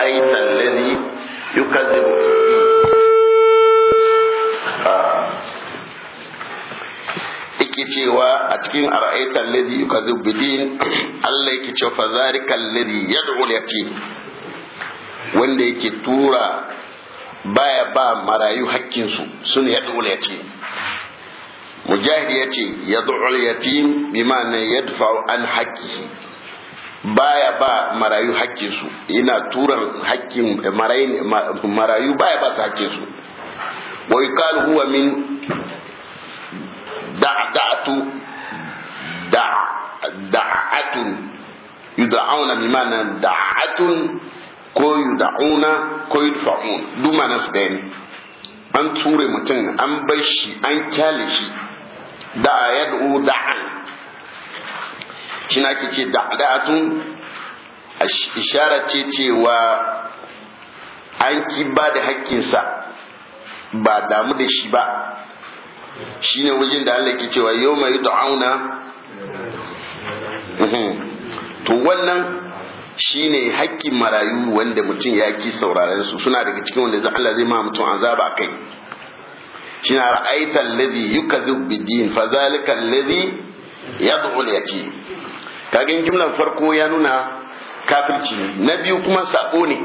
أرأيت الذي يكذب cewa a cikin ara'aitar ladhi yuka bidin Allah yake cewa fa zalika alladhi yad'u al wanda yake tura baya ba marayu hakkin su sun yad'u al-yatim mujahid yace yad'u al-yatim bima na yadfa an haqqihi baya ba marayu su yana turan hakkin marayu baya ba su su wa yuqalu huwa min da'atu da'atu yud'auna bimana da'atun ko yud'auna ko yudfa'un duk mana su ɗaya ne an ture mutum an bar shi an kyale shi da yad'u da'an shi na ke ce adatun ishara ce cewa an ki ba da haƙƙinsa ba damu da shi ba shi ne wajen da Allah ke cewa yau mai da'auna uhm. to wannan shi ne haƙƙin marayu wanda mutum ya ki sauraren su suna daga cikin wanda Allah zai ma mutum azaba a kai shi na ra'aitar ladhi zubi bidin fa zalika ladhi yad'u al kagin jumlan farko ya nuna kafirci ne na biyu kuma sako ne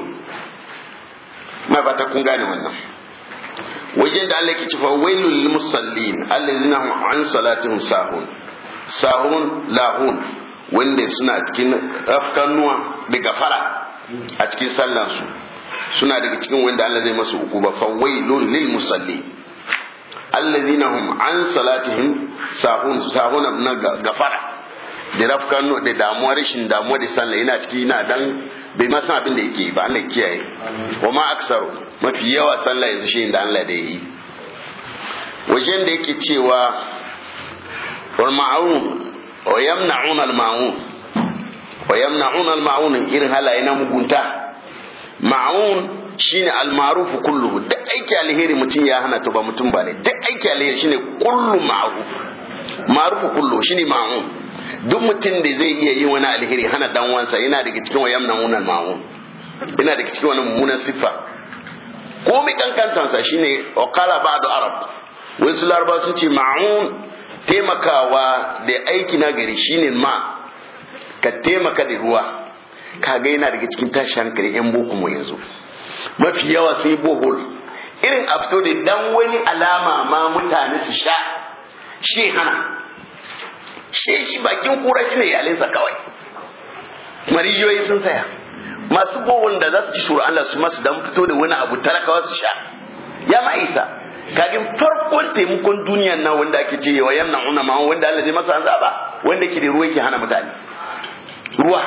mai ba ta kun gane wannan wajen da Allah ke cewa wailul lil musallin alladhina hum an salatihim sahun sahun lahun wanda suna cikin afkanuwa da gafara a cikin sallan su suna daga cikin wanda Allah zai masu ba, fa wailul lil musallin alladhina hum an salatihim sahun sahun na gafara da rafkan da damuwa rashin damuwa da sallah yana ciki yana dan bai ma san abin da yake ba Allah kiyaye wa ma aksaru mafi yawa sallah yanzu shi da Allah da yi wajen da yake cewa wal ma'un wa yamna'un al ma'un wa yamna'un al ma'un irin halaye na mugunta ma'un shine al ma'ruf kulluhu duk aiki alheri mutum ya hana to ba mutum ba ne duk aiki alheri shine kullu ma'ruf ma'ruf kullu shine ma'un duk mutum da zai iya yi wani alheri hana dan wansa yana daga cikin wayan nan ma'un yana daga cikin wani mummunan siffa ko mai kankantansa shine wakala ba'du arab wasu larba sun ce ma'un taimakawa da aiki na gari shine ma ka taimaka da ruwa kaga yana daga cikin tashi hankali yan boko mu yanzu mafi yawa sai bohol irin a fito da dan wani alama ma mutane su sha shi hana she shi bakin kura shi ne yalinsa kawai marijiyoyi sun saya masu bohon da za su ci shuru Allah su masu dan fito da wani abu talakawa su sha ya ma isa kagin farkon taimakon duniyan nan wanda ake ce yawa yamna una ma wanda Allah zai masa an zaba wanda ke da ruwa ke hana mutane ruwa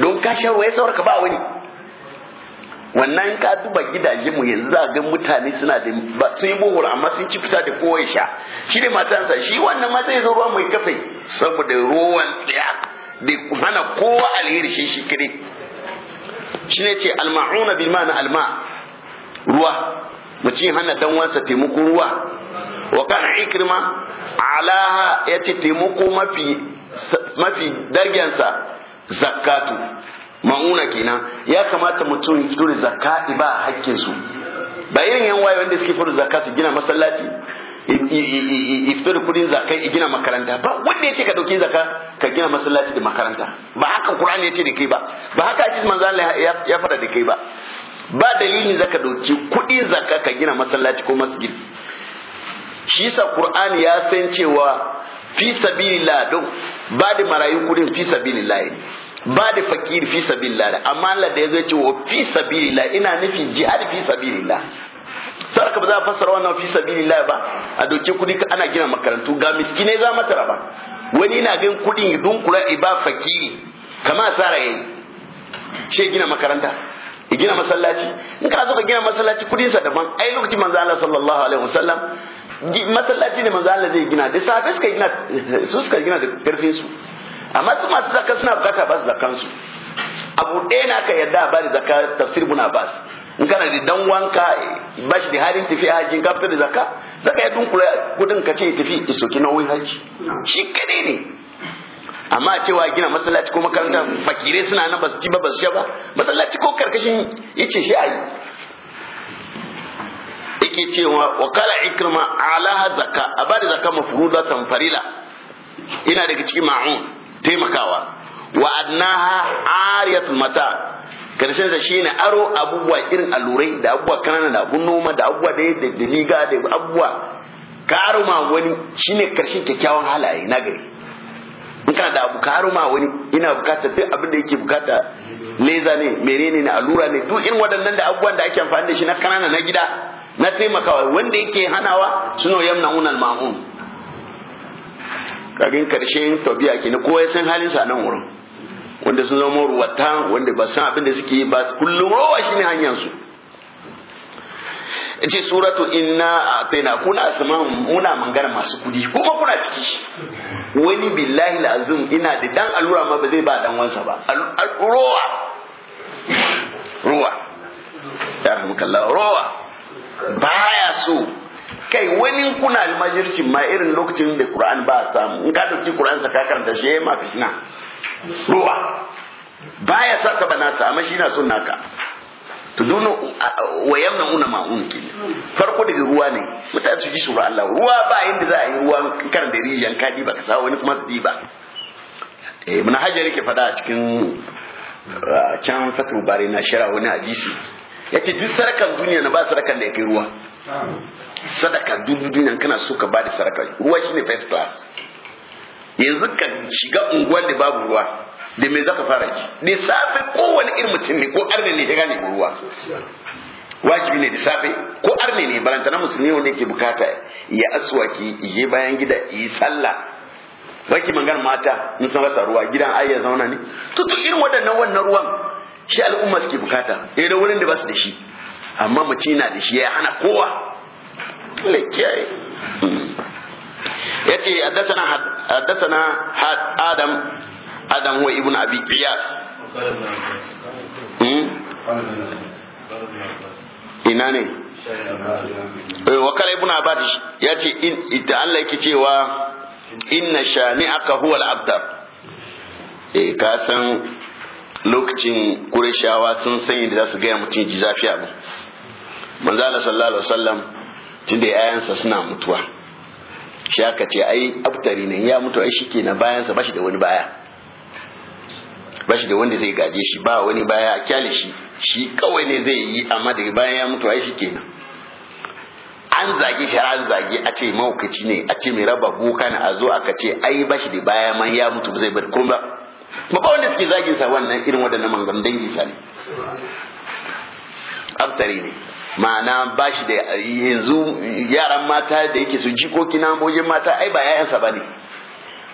don ka sha ruwa ya sauraka ba wani wannan ka duba gidaje mu yanzu za ga mutane suna da sun yi bohol amma sun ci fita da kowa sha shi ne matansa shi wannan ma zai zo ruwa mai kafe saboda ruwan tsaya da hana kowa alheri shi shi kire shi ne ce alma'una bil ma'ana alma ruwa mutum hana dan wansa taimako ruwa wa kana ikrima alaha yace taimako mafi mafi dargensa zakatu ma'una kenan ya kamata mutum ya fito da zakka ba hakkin su ba irin yan waye wanda suke fito da zakka su gina masallaci da kudin zakai gina makaranta ba wanda yace ka dauki zaka ka gina masallaci da makaranta ba haka qur'ani yace da kai ba ba haka hadisi manzo Allah ya fara da kai ba ba dalilin zaka dauki kudi zaka ka gina masallaci ko masjid shi sa qur'ani ya san cewa fi sabilillah don ba da marayu kudin fi sabilillah ba da fakiri fi sabilillah amma Allah da yazo ya ce wa fi sabilillah ina nufin jihad fi sabilillah sarka ba za a fassara wannan fi sabilillah ba a doke kudi ana gina makarantu ga miskinai za mata raba wani na gan kudin e ba fakiri kama tsara yayi ce gina makaranta ya gina masallaci in ka zo ka gina masallaci kudin sa daban ai lokacin manzo Allah sallallahu alaihi wasallam masallaci ne manzo Allah zai gina da safe suka gina su suka gina da karfin su amma su masu zaka suna bukata ba su su abu ɗaya na ka yadda ba da zaka tafsir buna su in kana da dan wanka ba shi da halin tafi hajji ka fita da zaka zaka ya dunkula gudun ka ce tafi isoki wani hajji shi kadai ne amma cewa gina masallaci ko makaranta fakire suna nan basu ci ba basu sha ba masallaci ko karkashin yace shi ayi yake cewa wa kala ikrama ala zakka abada zakka mafruda tan farila ina daga cikin ma'un taimakawa wa adnaha ariyatul mata karshen da shine aro abubuwa irin alurai da abubuwa kanana da abun noma da abubuwa da yadda da diliga da abubuwa karo ma wani shine karshen kyakkyawan halaye na gari in kana da abu karo ma wani ina bukata duk abin da yake bukata leza ne menene ne alura ne duk irin waɗannan da abubuwan da ake amfani da shi na kanana na gida na taimakawa wanda yake hanawa suno yamna unal ma'un kagin karshen tabi'a kenan kowa ya san halin sa nan wurin wanda sun zama ruwata wanda ba san abin da suke yi ba kullum rowa shine hanyar su yace suratu inna ataina kuna asma muna mangana masu kudi kuma kuna ciki wani billahi azum ina da dan alura ma ba zai ba dan wansa ba rowa rowa ya rahmukallah rowa baya so kai wani kuna almajirci ma irin lokacin da Qur'an ba samu in ka dauki Qur'an sa ka karanta shi ma fishina ruwa baya sa ka bana sa amma shi na son naka to don wa yamna una ma'un kin farko daga ruwa ne mutane su ji su Allah ruwa ba inda za a yi ruwa kar da rijiyan kadi ba ka sa wani kuma su di ba eh muna hajjari ke fada a cikin can fatul bari na shira wani hadisi yace duk sarakan duniya na ba sarakan da yake ruwa sadaka dubu dinan kana so ka bada sadaka ruwa shine first class yanzu ka shiga unguwar da babu ruwa da me zaka fara ki da safe kowane irin mutum ne ko arne ne ya gane ruwa wajibi ne da safe ko arne ne baranta na musulmi wanda yake bukata ya aswaki yi bayan gida yi sallah baki mangar mata in san rasa ruwa gidan ayya zauna ne to duk irin waɗannan wannan ruwan shi al'umma suke bukata eh da wurin da ba su da shi amma mace na da shi ya hana kowa Allah kiyaye yace haddathana haddathana Adam Adam wa ibn Abi Iyas hmm? ina ne eh, wakala ibn Abbas yace in ita Allah yake cewa inna aka huwa al-abtar eh ka san lokacin Qurayshawa sun sanya da za su ga mutum ji zafi abu manzo Allah sallallahu alaihi wasallam tunda yayansa suna mutuwa shi aka ce ai abtari ne ya mutu ai shike na bayansa bashi da wani baya bashi da wanda zai gaje shi ba wani baya a kyale shi shi kawai ne zai yi amma da bayan ya mutu ai shike na an zage shi an zage a ce maukaci ne a ce mai raba boka na a zo aka ce ai bashi da baya man ya mutu ba zai bar kuma ba ba wanda suke zagin sa wannan irin waɗannan mangam dangi sa ne aftari ne ma'ana ba shi da yanzu yaran mata da yake su jikoki na mata ai ba yayansa ba ne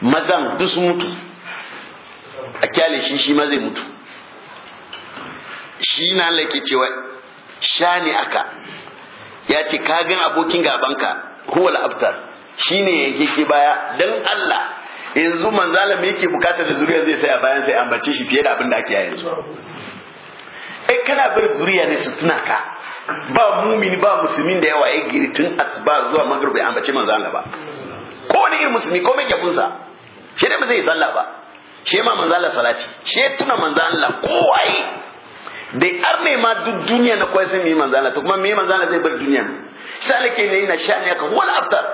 mazan duk su mutu a kyale shi shi ma mutu shi na lake cewa sha ne aka ya ce ka gan abokin gabanka huwal abtar shi ne yake baya don Allah yanzu manzala me yake bukatar da zuriya zai saya bayan sai ambace shi fiye da abin da ake yanzu ai kana bar zuriya ne su tuna ka ba mumini ba musulmin da yawa ya giri tun asuba zuwa maghrib ya bace manzo Allah ba ko wani irin musulmi ko mai gabunsa shi dai ba zai sallah ba shi ma manzo Allah salati shi tuna manzo Allah kowai dai arne ma duk duniya na kwai sun yi manzo Allah to kuma me manzo Allah zai bar duniya salake ne na ne ka wal aftar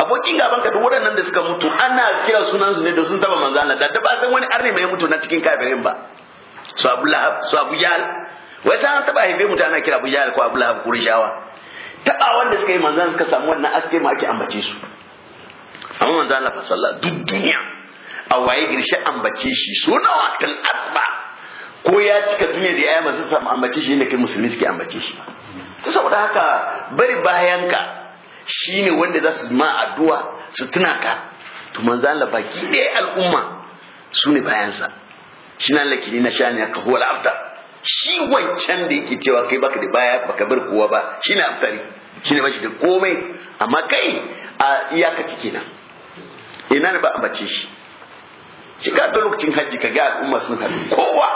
abokin gaban ka duk waɗannan da suka mutu ana kira sunan su ne da sun taba manzo Allah da ba san wani arne mai mutu na cikin kafirin ba su Abu Lahab su Abu wai sai an taba haife mutum ana kira Abu Jahl ko Abu Lahab Qurayshawa taba wanda suka yi manzan suka samu wannan aske ma ake ambace su amma manzan Allah sallallahu duk duniya a waye girshe ambace shi su nawa wakil asba ko ya cika duniya da 'ya'ya masu samu ambace shi ne kai musulmi suke ambace shi to saboda haka bari bayanka shine wanda za su ma addu'a su tuna ka to manzan Allah baki ɗaya al'umma su ne bayansa shi na lakini na shani ka huwa al'abdar shi wancan da yake cewa kai baka da baya baka bar kowa ba shine amfani shine bashi da komai amma kai a ciki na? ina ne ba a bace shi shi ka ga lokacin hajji ka ga al'umma sun haɗu kowa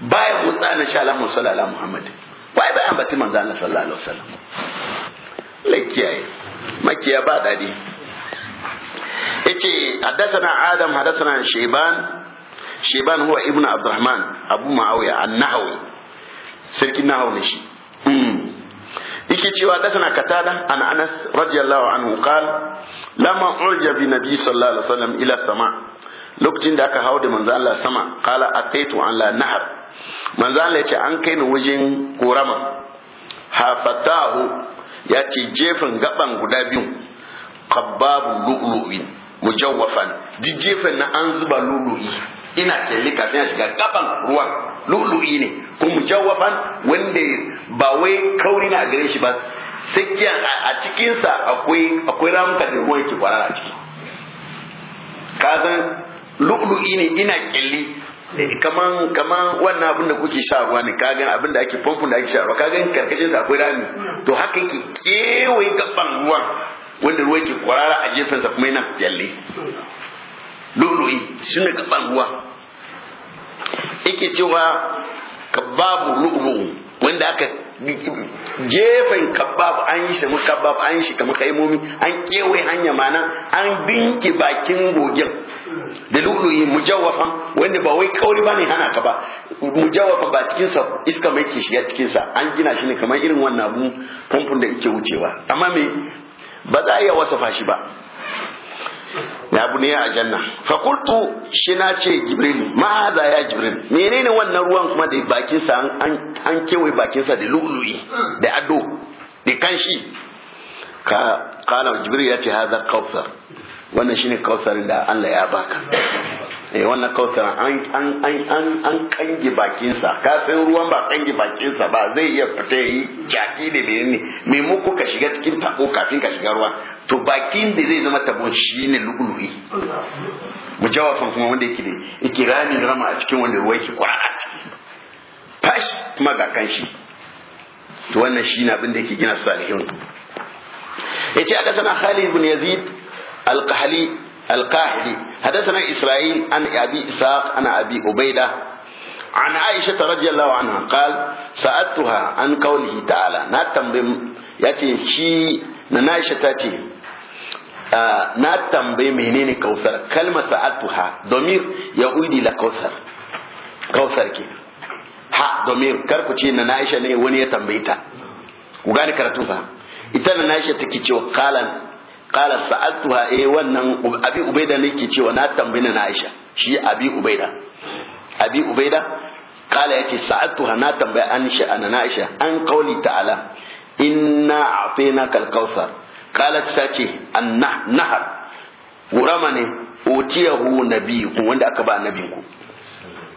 baya motsa na sha Allahu sallallahu Muhammad wai baya ambaci manzo Allah sallallahu alaihi wasallam lakiyai makiya ba dadi yace haddathana Adam haddathana Shayban sheban huwa ibn abdurrahman abu ma'awiya an-nahawi sarki nahawi ne shi hmm. yake cewa dasana katada an anas radiyallahu anhu qala lamma urja bi nabi sallallahu alaihi wasallam ila sama lokacin da aka hawo da manzo Allah sama qala ataitu an la nahar manzo Allah yace an kai ni wajen korama hafatahu ya ce jefin gaban guda biyu qabbabu lu'lu'in mujawwafan jijjefin na an zuba lu'lu'i ina kyalli kafin a shiga gaban ruwan lu'lu'i ne ko mujawwafan wanda ba wai kauri na gare shi ba sakiya a cikinsa akwai akwai ramuka da ruwan yake kwarara a ciki ka san lu'lu'i ne ina kyalli kaman kaman wannan abin da kuke sha ruwa ne ka gan abin da ake famfon da ake sha ruwa ka gan karkashin sa akwai rami to haka yake kewaye gaban ruwan wanda ruwa yake kwarara a jefinsa kuma yana kyalle lulu'i suna gaban ruwa yake cewa kababu lu'lu'u wanda aka jefan kabab an yi shi kabab an yi shi kamar kaimomi an kewaye hanya mana an binke bakin gogen da lu'lu'i mujawwafan wanda ba wai kauri bane hana ka ba mujawwafa ba cikin sa iska mai ke shiga cikin sa an gina shi ne kamar irin wannan abu pompon da yake wucewa amma me ba za a iya wasafa shi ba ya abu ne a janna fakultu shi na ce jibril ma da ya jibril menene wannan ruwan kuma da sa an kewaye bakinsa da lu'lu'i da ado da kanshi ka kana jibril ya ce haza kautsar wannan shine kausarin da Allah ya baka eh wannan an an an an an kange bakin sa ka san ruwan ba kange bakin sa ba zai iya fita yi jaki da menene me mu ka shiga cikin tabo kafin ka shiga ruwa to bakin da zai zama tabo shine Mu jawafa kuma wanda yake da yake ramin rama a cikin wanda ruwa yake kwara a ciki fash kuma ga kanshi to wannan shine abin da yake gina salihun yace aka sana Khalid ibn Yazid alkahali alkahili حدثنا إسرائيل عن أبي isaq عن أبي ubaida عن عائشة رضي الله عنها قال سألتها عن قوله تعالى ناتم بم ياتي شي نعائشة تاتي ناتم بمهنين كوثر كلمة kalma sa'atuha domir ya كوثر la kausar ha domin karku ce na Aisha ne wani ya tambaye ta ku gane karatu fa ita na Aisha take cewa qalan kala sa'altuha eh wannan abi ubaida ne ke cewa na tambayi na Aisha shi abi ubaida abi ubaida kala yace sa'altuha na tambayi Aisha ana Aisha an qauli ta'ala inna a'tainaka al-kausar qalat ce anna nahar gurama ne otiyahu nabiyyu wanda aka ba ku.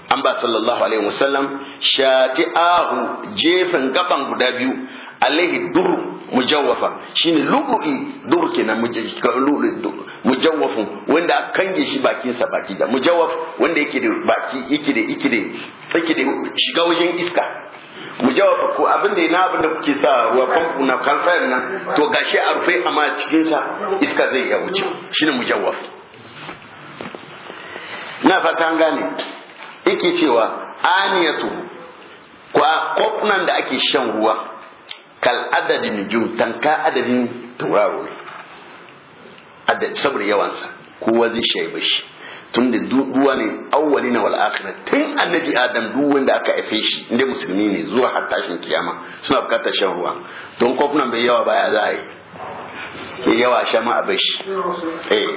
an ba sallallahu alaihi wasallam shati'ahu jefin gaban guda biyu alaihi dur mujawwafa shine lubu'i dur kenan mujawafu wanda aka kange shi bakin sa baki da mujawwaf wanda yake da baki yake da yake da tsaki da shiga wajen iska mujawwafa ko abin da yana abin da kuke sa ruwa famfo na kalfayar nan to gashi a rufe amma cikin sa iska zai iya wuce shine mujawwaf na fata an gane yake cewa aniyatu kwa kofunan da ake shan ruwa kal adadin nujum tanka adadin tauraro ne adad saboda yawansa kowa zai ba shi tun da duwa ne awwali na wal'akhirat tun annabi adam duk wanda aka haife shi inda musulmi ne zuwa har tashin kiyama suna bukatar shan ruwa don kofunan bai yawa baya za a yi ke yawa sha ma abin shi shi eh.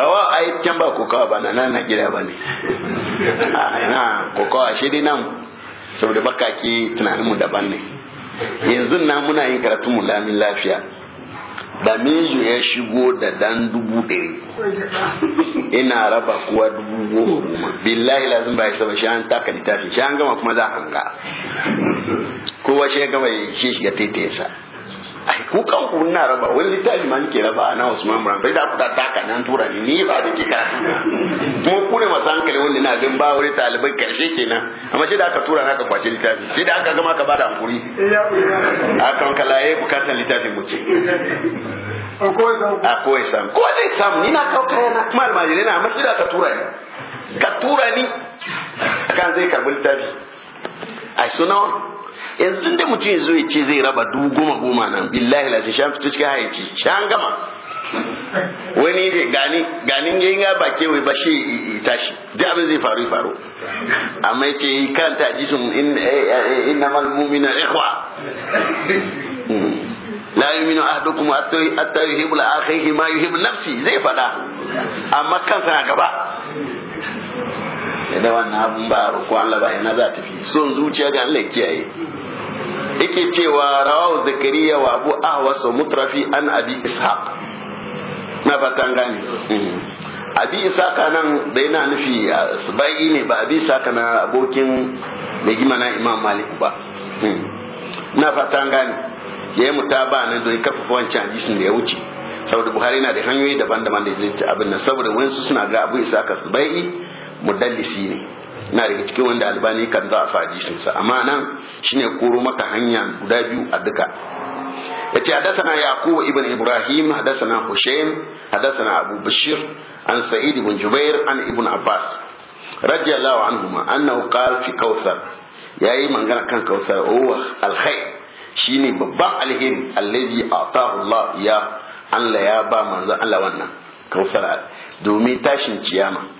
rawa ai can ba kokawa ba na nan gida ba ne na kokawa shi dai nan saboda baka ke tunaninmu daban ne yanzu na muna yin karatun mu lamin lafiya da mejo ya shigo da dan dubu ɗari ina raba kuwa dubu goma billahi lazim ba ya saba shi an taka littafi shi an gama kuma za a hanga kowa shi ya gama shi shiga sa ai ku kan ku na raba wani littafi ma nake raba na Usman Buran bai da ku da taka nan tura ni ni ba da kika kuma ku ne masu hankali wanda na gan ba wani talibai karshe kenan amma shi da aka tura ka kwace littafi shi da aka gama ka bada hankuri kan kalaye eh, bukatar littafin mu ce a kowai sam ko zai sam ni na kawo na kuma almajirai na amma shi da aka tura ni ka tura ni kan zai karbi littafi ai sunan yanzu da mutum ya zo ya ce zai raba dubu goma goma nan billahi la shan fito cikin hayyaci shan gama wani gani ganin ya yi ba kewaye ba shi tashi da abin zai faru faru amma ya ce karanta a jisun eh, eh, eh, inna malmumina ikhwa la yuminu ahadukum hatta a li akhihi ma yuhibbu nafsi zai fada amma kansa na gaba da wannan abun ba ko Allah ba yana za ta fi son zuciya ga Allah kiyaye yake cewa rawahu zakariya wa abu ahwa wa mutrafi an abi ishaq na fatan gani mhm. abi ishaq nan da yana nufi sabai ne ba abi ishaq na abokin mai gima na imam malik ba mhm. na fatan gani ya yi mutaba na don kafa wancan hadisin da ya wuce saboda buhari na da hanyoyi daban-daban da zai abin nan saboda wayansu suna ga abu bai sabai mudallisi ne na daga cikin wanda albani kan za a faji sunsa amma nan shine koro maka hanya guda biyu a duka ce hadathana yaqub ibn ibrahim hadathana hushaym na abu bashir an sa'id ibn jubair an ibn abbas radiyallahu anhuma annahu qala fi kausar yayi magana kan kausar oh alkhair shine babban alheri allazi atahu allah ya Allah ya ba manzo Allah wannan kausar domin tashin ciyama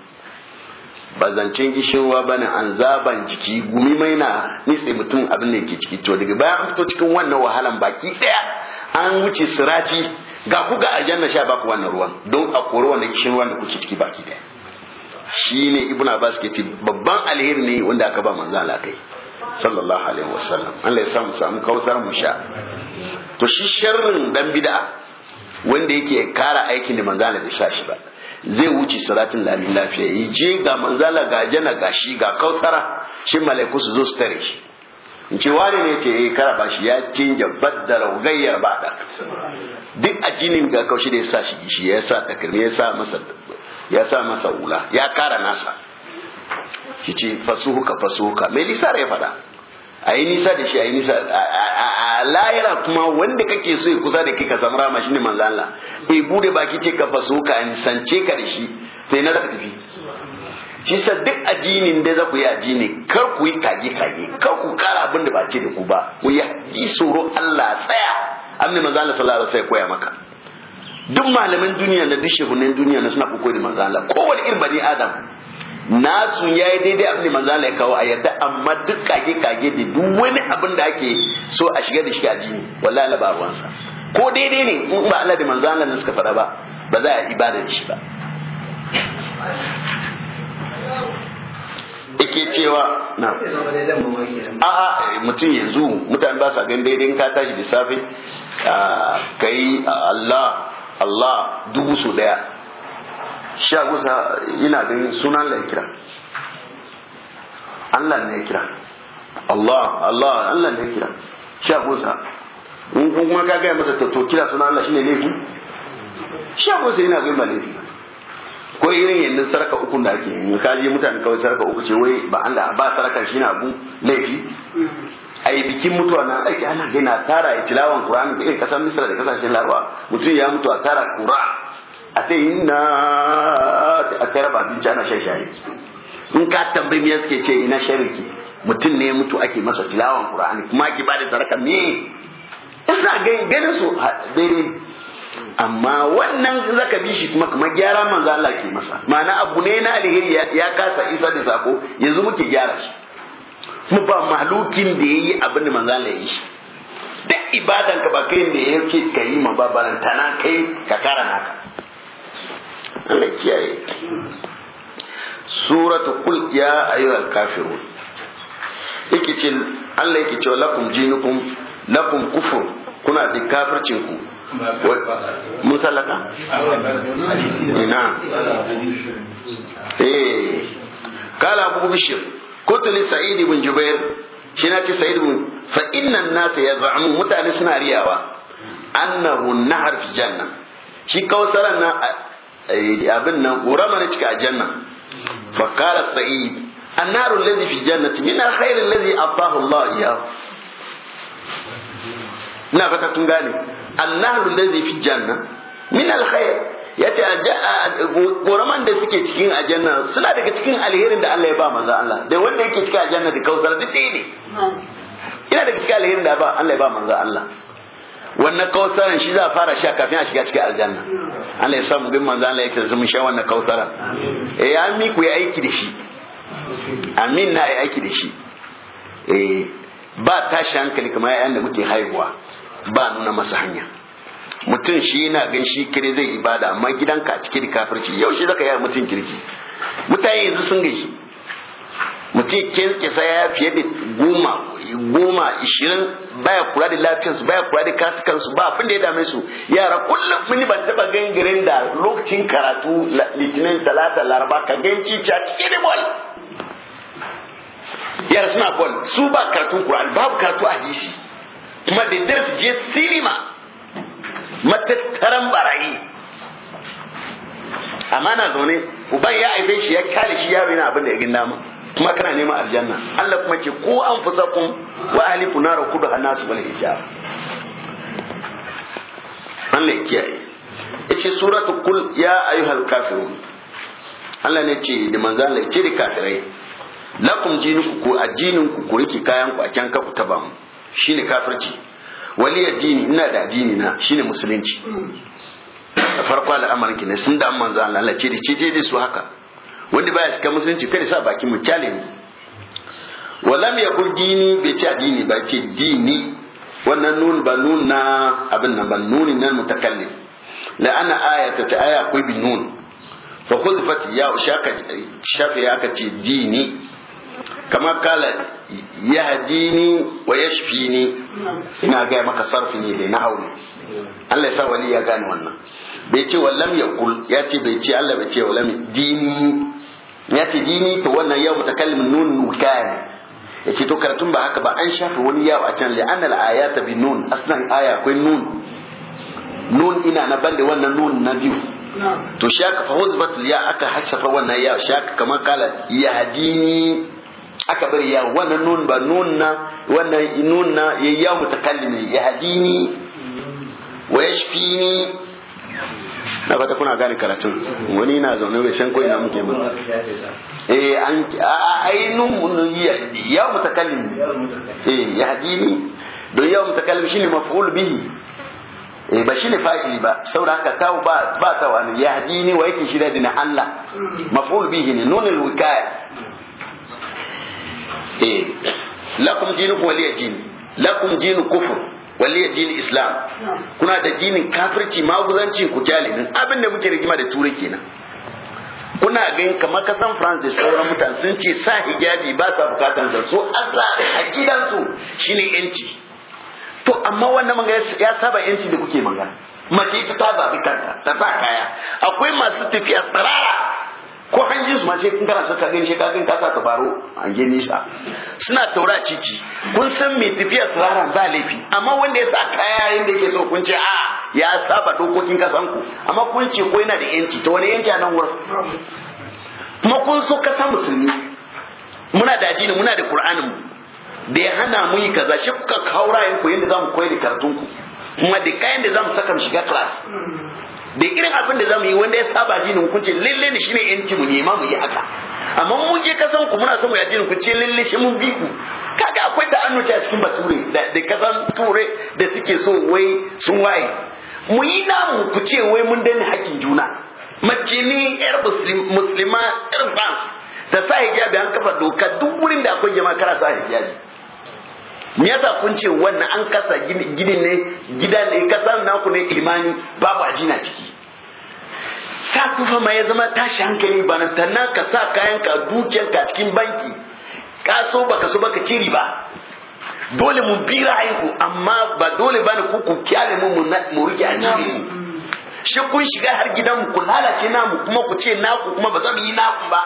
ba zancen ba bane an zaban jiki gumi mai na nitse mutum abin da ke ciki to daga bayan an fito cikin wannan wahalan baki daya an wuce sirati ga ku ga aljanna sha baku wannan ruwan don a kori wannan ruwan da kuke ciki baki daya shine ibnu abbas ke ce babban alheri ne wanda aka ba manzo Allah kai sallallahu alaihi wasallam Allah ya samu samu kausar mu sha to shi sharrin dan bid'a wanda yake kara aikin da manzo Allah ya sa shi ba zai wuce siratin lamin lafiya yi je ga manzala ga jana ga shi ga kautara shi malaiku su zo su tare shi in ce wani ne ce eh, kara ba shi ya canja baddara gayyar ba da duk a jinin ga kaushi da ya sa shi gishi ya sa takirmi ya sa masa ya sa masa wula ya kara nasa ki ce fasuhuka fasuhuka mai lisara ya faɗa a yi nisa da shi a yi nisa a lahira kuma wanda kake so ya kusa da ke ka samu rama ne manzo Allah e bude baki ce ka faso ka nisance ka da shi sai na tafi shi sa duk addinin da za ku yi addini kar ku yi kage kage kar ku kara abin da ba ce da ku ba ku yi hadisi tsoro Allah tsaya amma manzo Allah sallallahu alaihi wasallam koya maka duk malaman duniya na duk shehunan duniya na suna kokoyi da manzo Allah kowane irin bani adam nasu ya yi daidai abin da manzala ya kawo a yadda amma duk kage kage da duk wani abin da ake so a shiga da shi a jini wallahi Allah ba ko daidai ne in ba Allah da manzala da suka fara ba ba za a ibada da shi ba yake cewa na a mutum yanzu mutane ba sa gan daidai ka tashi da safe kai Allah Allah dubu su daya shagusa ina da sunan ya kira Allah ne kira Allah Allah Allah ne kira shagusa in kuma ka gaya masa to kira sunan Allah shine laifi shagusa ina ganin ba laifi ko irin yanzu sarka uku da ake yi ka ji mutane kawai sarka uku ce wai ba Allah ba sarka shine abu laifi a yi bikin mutuwa na aiki ana gina tara ya tilawan Qur'ani da irin kasar misira da kasashen Larabawa mutum ya mutu a tara kura. a ta yi na a ta raba abinci ana shan shayi in ka tambayi me ce ina shariki mutum ne mutu ake masa tilawan qur'ani kuma ake bada zaraka me ina ganin ganin su daidai amma wannan zaka bi shi kuma kamar gyara manzo Allah ke masa ma'ana abu ne na alheri ya kasa isa da sako yanzu muke gyara shi kuma ba mahlukin da yayi abin da manzo Allah ya yi shi duk ibadan ka ba kai ne yake kai ma ba barantana kai ka kara naka Allah kiyaye suratu qul ya ayyuhal kafirun yake ce Allah yake ce lakum jinukum lakum kufur kuna da kafircin ku mun sallaka ina eh kala abu bishir kuntu li sa'id ibn jubair shi na ce sa'id ibn fa innan nasa yaz'amu mutane suna riyawa annahu nahar fi janna shi kawsaran na Eh, abin nan gora mana cika a janna fa qala sa'id annaru alladhi fi jannati min alkhair alladhi atahu Allah ya ina fata tun gane annaru alladhi fi janna min alkhair yace man da suke cikin aljanna suna daga cikin alherin da Allah ya ba manzo Allah da wanda yake cikin aljanna da kausar da tini ina daga cikin alherin da Allah ya ba manzo Allah wannan kausaran shi za a fara sha kafin a shiga cikin aljanna Allah ya sa mu bin manzo Allah ya kaza sha wannan kausaran eh ya mi ku aiki da shi amin na aiki da shi eh ba tashi hankali kamar yayan da muke haihuwa ba nuna masa hanya mutum shi yana gan shi kire zai ibada amma gidanka a cikin kafirci yau shi zaka yi mutum kirki mutane yanzu sun gaji mutum kirkisa ya fiye da goma goma ishirin baya kula da lafiyansu baya kula da katukansu ba abin da ya dame su yara kullum mini ban taba gangare da lokacin karatu litinin talata laraba ka ganci ca cikin bol yara suna bol su ba karatu kura babu karatu a hadisi kuma da dare su je sinima matattaran barayi amma na zaune uban ya aibe shi ya kyale shi yaro yana abin da ya gina mu kuma kana neman aljanna Allah kuma ce ko an fusakum wa ahlikum nar kudu hanasu bal hijab Allah ya kiyaye yace suratul kul ya ayyuhal kafirun Allah ne ce da manzo Allah ce da kafirai lakum jinuku ku ajinin ku ku rike kayan ku a can ka ku mu shine kafirci wali dini ina da dini na shine musulunci farko al'amarin ki ne sun da manzo Allah Allah ce da ce je da su haka wanda baya shiga musulunci kada sa baki mu kyale ni walam yakul dini bai ce dini ba ce dini wannan nun ba nun na abin nan ba nunin nan mutakallim la ana ayata ta aya akwai bi nun fa fat ya shaka shafi ya kace dini kama kala ya dini wa yashfini ina ga maka sarfi ne bai na hauni Allah ya sa wali ya gane wannan bai ce wallam yakul ya ce bai ce Allah bai ce wallam dini ya ce dini to wannan yau mutakallim nun nukani ya ce to karatun ba haka ba an shafa wani yawo a can li'anna al ta bi nun aslan aya akwai nun nun ina na bande wannan nun na biyu to shaka fa huzbat ya aka hasafa wannan ya shaka kamar kala ya dini aka bari ya wannan nun ba nun na wannan nun na ya ya mutakallimi yahdini wa yashfini na fata kuna gane karatun wani na zaune bai shan koyi ina muke ba eh an mun ya mutakallim eh ya hadini don ya mutakallim shine maf'ul bihi eh ba shine fa'ili ba saboda haka ta ba ba ta wani ya hadini wa yake shirya dina Allah maf'ul bihi ne nunul wikaya eh lakum dinukum waliya lakum dinu kufr walli addinin islam kuna da dinin kafirci maguzanci ku kyale abin da muke rigima da turai kenan kuna ganin kamar kasan france da sauran mutane sun ce sa hijabi ba sa bukatan da su asa a gidansu shine yanci to amma wannan manga ya saba yanci da kuke magana mace ta zabi kanta ta sa kaya akwai masu tafiya tsirara ko hanjin su ma sai kun kana so ka gani shi ka ka baro a gani sa suna taura cici kun san mai tafiya tsirara ba laifi amma wanda ya sa kaya yayin yake so kun ce a ah, ya saba dokokin kasan ku amma kun ce ko yana da yanci to wani yanci a nan wurin kuma kun so san musulmi muna da ajini muna da qur'anin mu da ya hana mu yi kaza shi kuka kawo ra'ayin ku zamu koyi da karatun ku kuma da kayan da zamu saka mu shiga class da irin abin da zamu yi wanda ya saba dinin ku ce lalle ne shine yanci mu nema mu yi haka amma mu je kasan ku muna son mu yaji ku ce lalle shi mun bi ku kaga akwai da annuci a cikin bature da kasan ture da suke so wai sun waye mu yi namu ku ce wai mun danne hakkin juna mace ni yar muslima yar ta sa hijabi an kafa doka duk wurin da akwai jama'a kara sa hijabi me yasa kun ce wannan an kasa gidin ne gidan ne kasar naku ne imani babu ajina ciki sa tufa ma ya zama tashi hankali ba nan tanna ka sa kayan ka dukiyar ka cikin banki ka so baka so baka ciri ba dole mu bi ra'ayinku amma ba dole bane ku ku kyale mu mu rike ajini shi kun shiga har gidan mu ku lalace namu kuma ku ce naku kuma ba za mu yi naku ba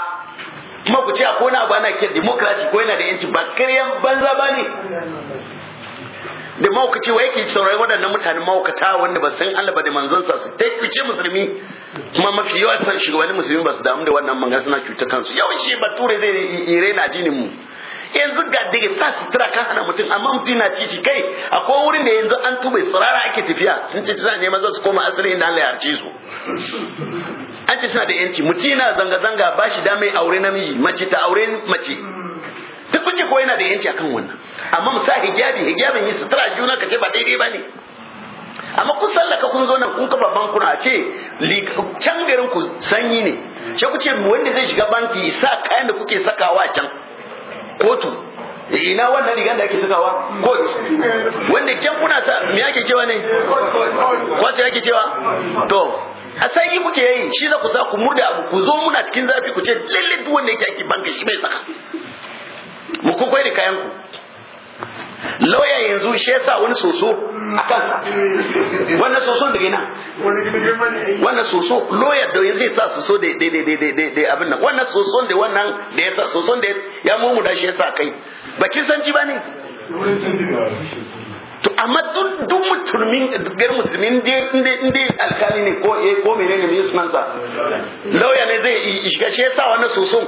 kuma ku ce akwai wani abu ana kiyar demokrasi ko yana da yanci ba karyan banza ba ne da maukaci wa yake saurari waɗannan mutanen maukata wanda ba san Allah ba da manzonsa su ta kuce musulmi kuma mafi yawa san shugabannin musulmi ba su damu da wannan manga suna cuta kansu yawanci bature zai ire na jinin mu yanzu ga daga sa sutura kan hana mutum amma mutum na cici kai akwai wurin da yanzu an tuba tsirara ake tafiya sun ce suna neman za su koma asali inda Allah ya harce su an ce suna da yanci mutum na zanga-zanga ba shi da mai aure namiji mace ta aure mace duk kun ce ko yana da yanci akan wannan amma mu sa hijabi hijabin yin sutura juna kace ba daidai ba ne amma kun sallaka kun zo nan kun kafa bankuna a ce can garin ku sanyi ne ce ku ce wanda zai shiga banki sa kayan da kuke sakawa can kotu eh, ina wannan rigan da ake sakawa coat wanda can kuna sa me yake cewa ne kwace yake cewa to a sanyi kuke yayi shi za ku sa ku murda abu ku zo muna cikin zafi ku ce lalle duk wanda yake ake banka shi bai saka mu ku da kayan ku lauya yanzu shi yasa wani soso a kansa wannan soso da gina wannan soso lawyer da yanzu yasa soso da abin nan wannan soso da wannan da yasa soso da ya mummuda shi yasa kai bakin sanci ba ne to amma duk mutumin gar musulmin dai alkali ne ko eh, menene ne mai sa lauya ne zai shiga shi yasa wannan soson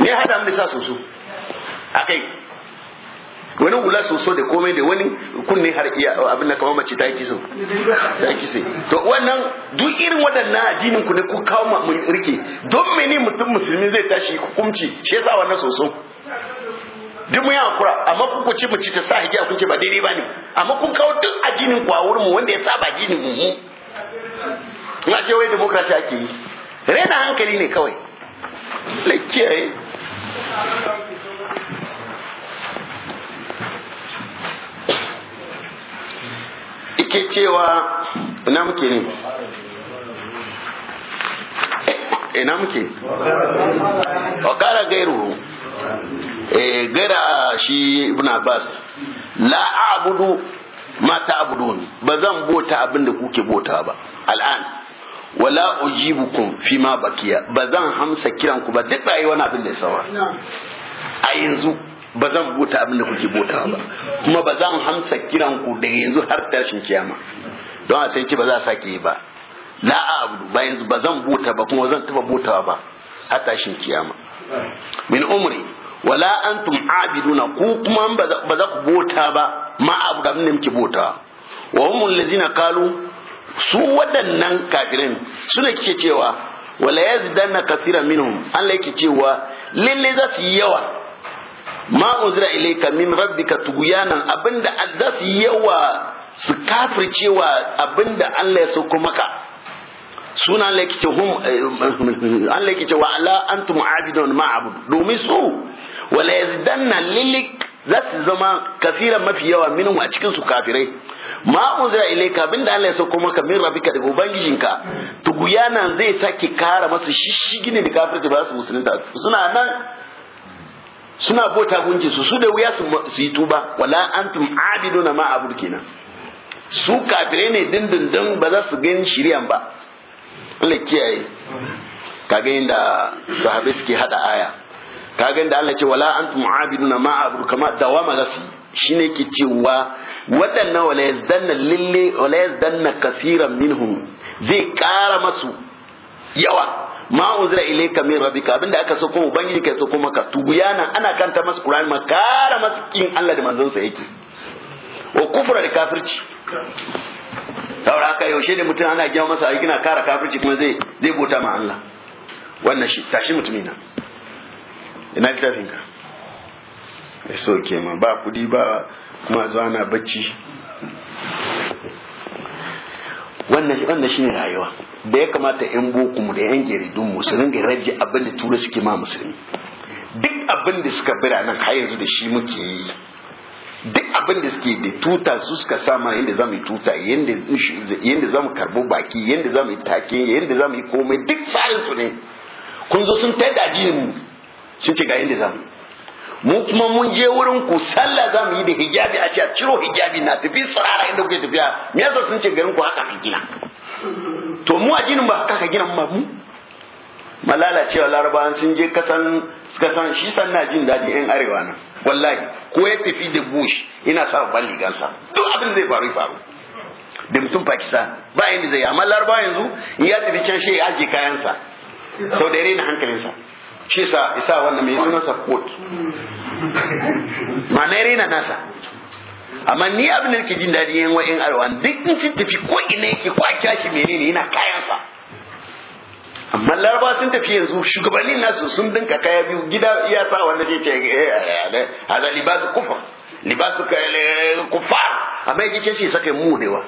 ne hada mu sa soso akai wani ula soso da komai da wani kunne har iya abin da kamar mace ta yi kiso ta yi to wannan duk irin waɗannan ajinin ku ne ku kawo mu rike don mene mutum musulmi zai tashi hukunci shi yasa wannan soso duk mu yi hakura amma ku ku mu ci ta sa hijiya kun ce ba daidai ba ne amma kun kawo duk ajinin ku a wurin mu wanda ya saba ajinin mu mu na ce wai demokrasi ake yi rena hankali ne kawai kiyaye ike cewa ina muke ne ina muke wakara gairu eh, gaira shi ibn abbas la a'budu ma ta'budun ba zan bota abin da kuke bota ba al'an wala ujibukum fi ma bakiya ba zan hamsa kiran ku ba duk rayuwa na abin da saura a yanzu ba zan bota abin da kuke bota ba kuma ba zan hamsa kiran ku daga yanzu har tashin kiyama don a san ce ba za a sake yi ba la a abu ba yanzu ba zan bota ba kuma zan taba botawa ba har tashin kiyama min umri wala antum abiduna ku kuma ba za ku bota ba ma abu da abin da muke bota wa humul ladina qalu su waɗannan kafirin suna ke cewa wala yazdanna kasira minhum Allah yake cewa lalle za su yi yawa ma unzira ilayka min rabbika tughyanan abinda za su yi yawa su cewa abinda Allah ya sauko maka suna Allah yake ce hum eh, Allah yake ce wa ala antum abidun ma abud domin su wala yazdanna lilik za su zama kafiran mafi yawa minin a cikin su kafirai ma unzira ilaika da Allah ya sauko maka min rabbika daga ubangijinka tuguyana zai sake kara masa shishigi ne da kafirci ba su musulunta suna nan suna bota gunki su su da wuya su yi tuba wala antum abiduna ma abudkina su kafirai ne dindindin ba za su gani shiriyan ba Allah kiyaye kaga inda sahabbai suke hada aya kaga inda Allah ce wala antum aabiduna ma abudu kama dawama lasi shine ke cewa waɗannan wala yazdanna lille wala yazdanna kaseeran minhum zai ƙara masu yawa ma unzila ilayka min rabbika abinda aka so kuma ubangiji kai so kuma ka tubuyana ana kanta masu qur'an ma ƙara masu kin Allah da manzon sa yake wa kufra da kafirci saboda haka yaushe ne mutum ana gina masa a na kara kafirci kuma zai zai bota ma Allah wannan shi tashi mutumina ina littafin ka ya ke ma ba kudi ba kuma zuwa na bacci wannan shi ne rayuwa da ya kamata yan boko mu da yan geridun mu su ringa raji abin da tura suke ma musulmi duk abin da suka bira nan har yanzu da shi muke yi duk abin da suke da tuta su suka sa yadda za mu yi tuta yadda mu karbo baki yadda mu yi take yadda mu yi komai duk tsarin su ne kun zo sun tada ajiyar mu sun ce ga inda za mu mu kuma mun je wurin ku sallah za mu yi da hijabi a ce ciro hijabi na tafi tsirara inda kuke tafiya me yasa sun ce garin ku haka ka gina to mu a ginin ba haka ka gina mu mu malala cewa larabawan sun je kasan kasan shi san na jin daɗi yan arewa nan wallahi ko ya tafi da bush ina sa ban ligansa duk abin zai faru faru da mutum pakistan ba yanda zai amma larabawa yanzu in ya tafi can shi ya ajiye kayansa sau da na hankalinsa shi sa isa wannan mai suna kot ma na rena nasa amma ni abin da ke jin daɗi yan wa'in arwan duk in sun tafi ko ina yake ko a kyashi menene yana kayansa amma laraba sun tafi yanzu shugabannin nasu sun dinka kaya biyu gida ya sa wanda zai ce eh, eh, eh, Aza libasu kufa libasu kufa amma ya ce shi saka mu ne wa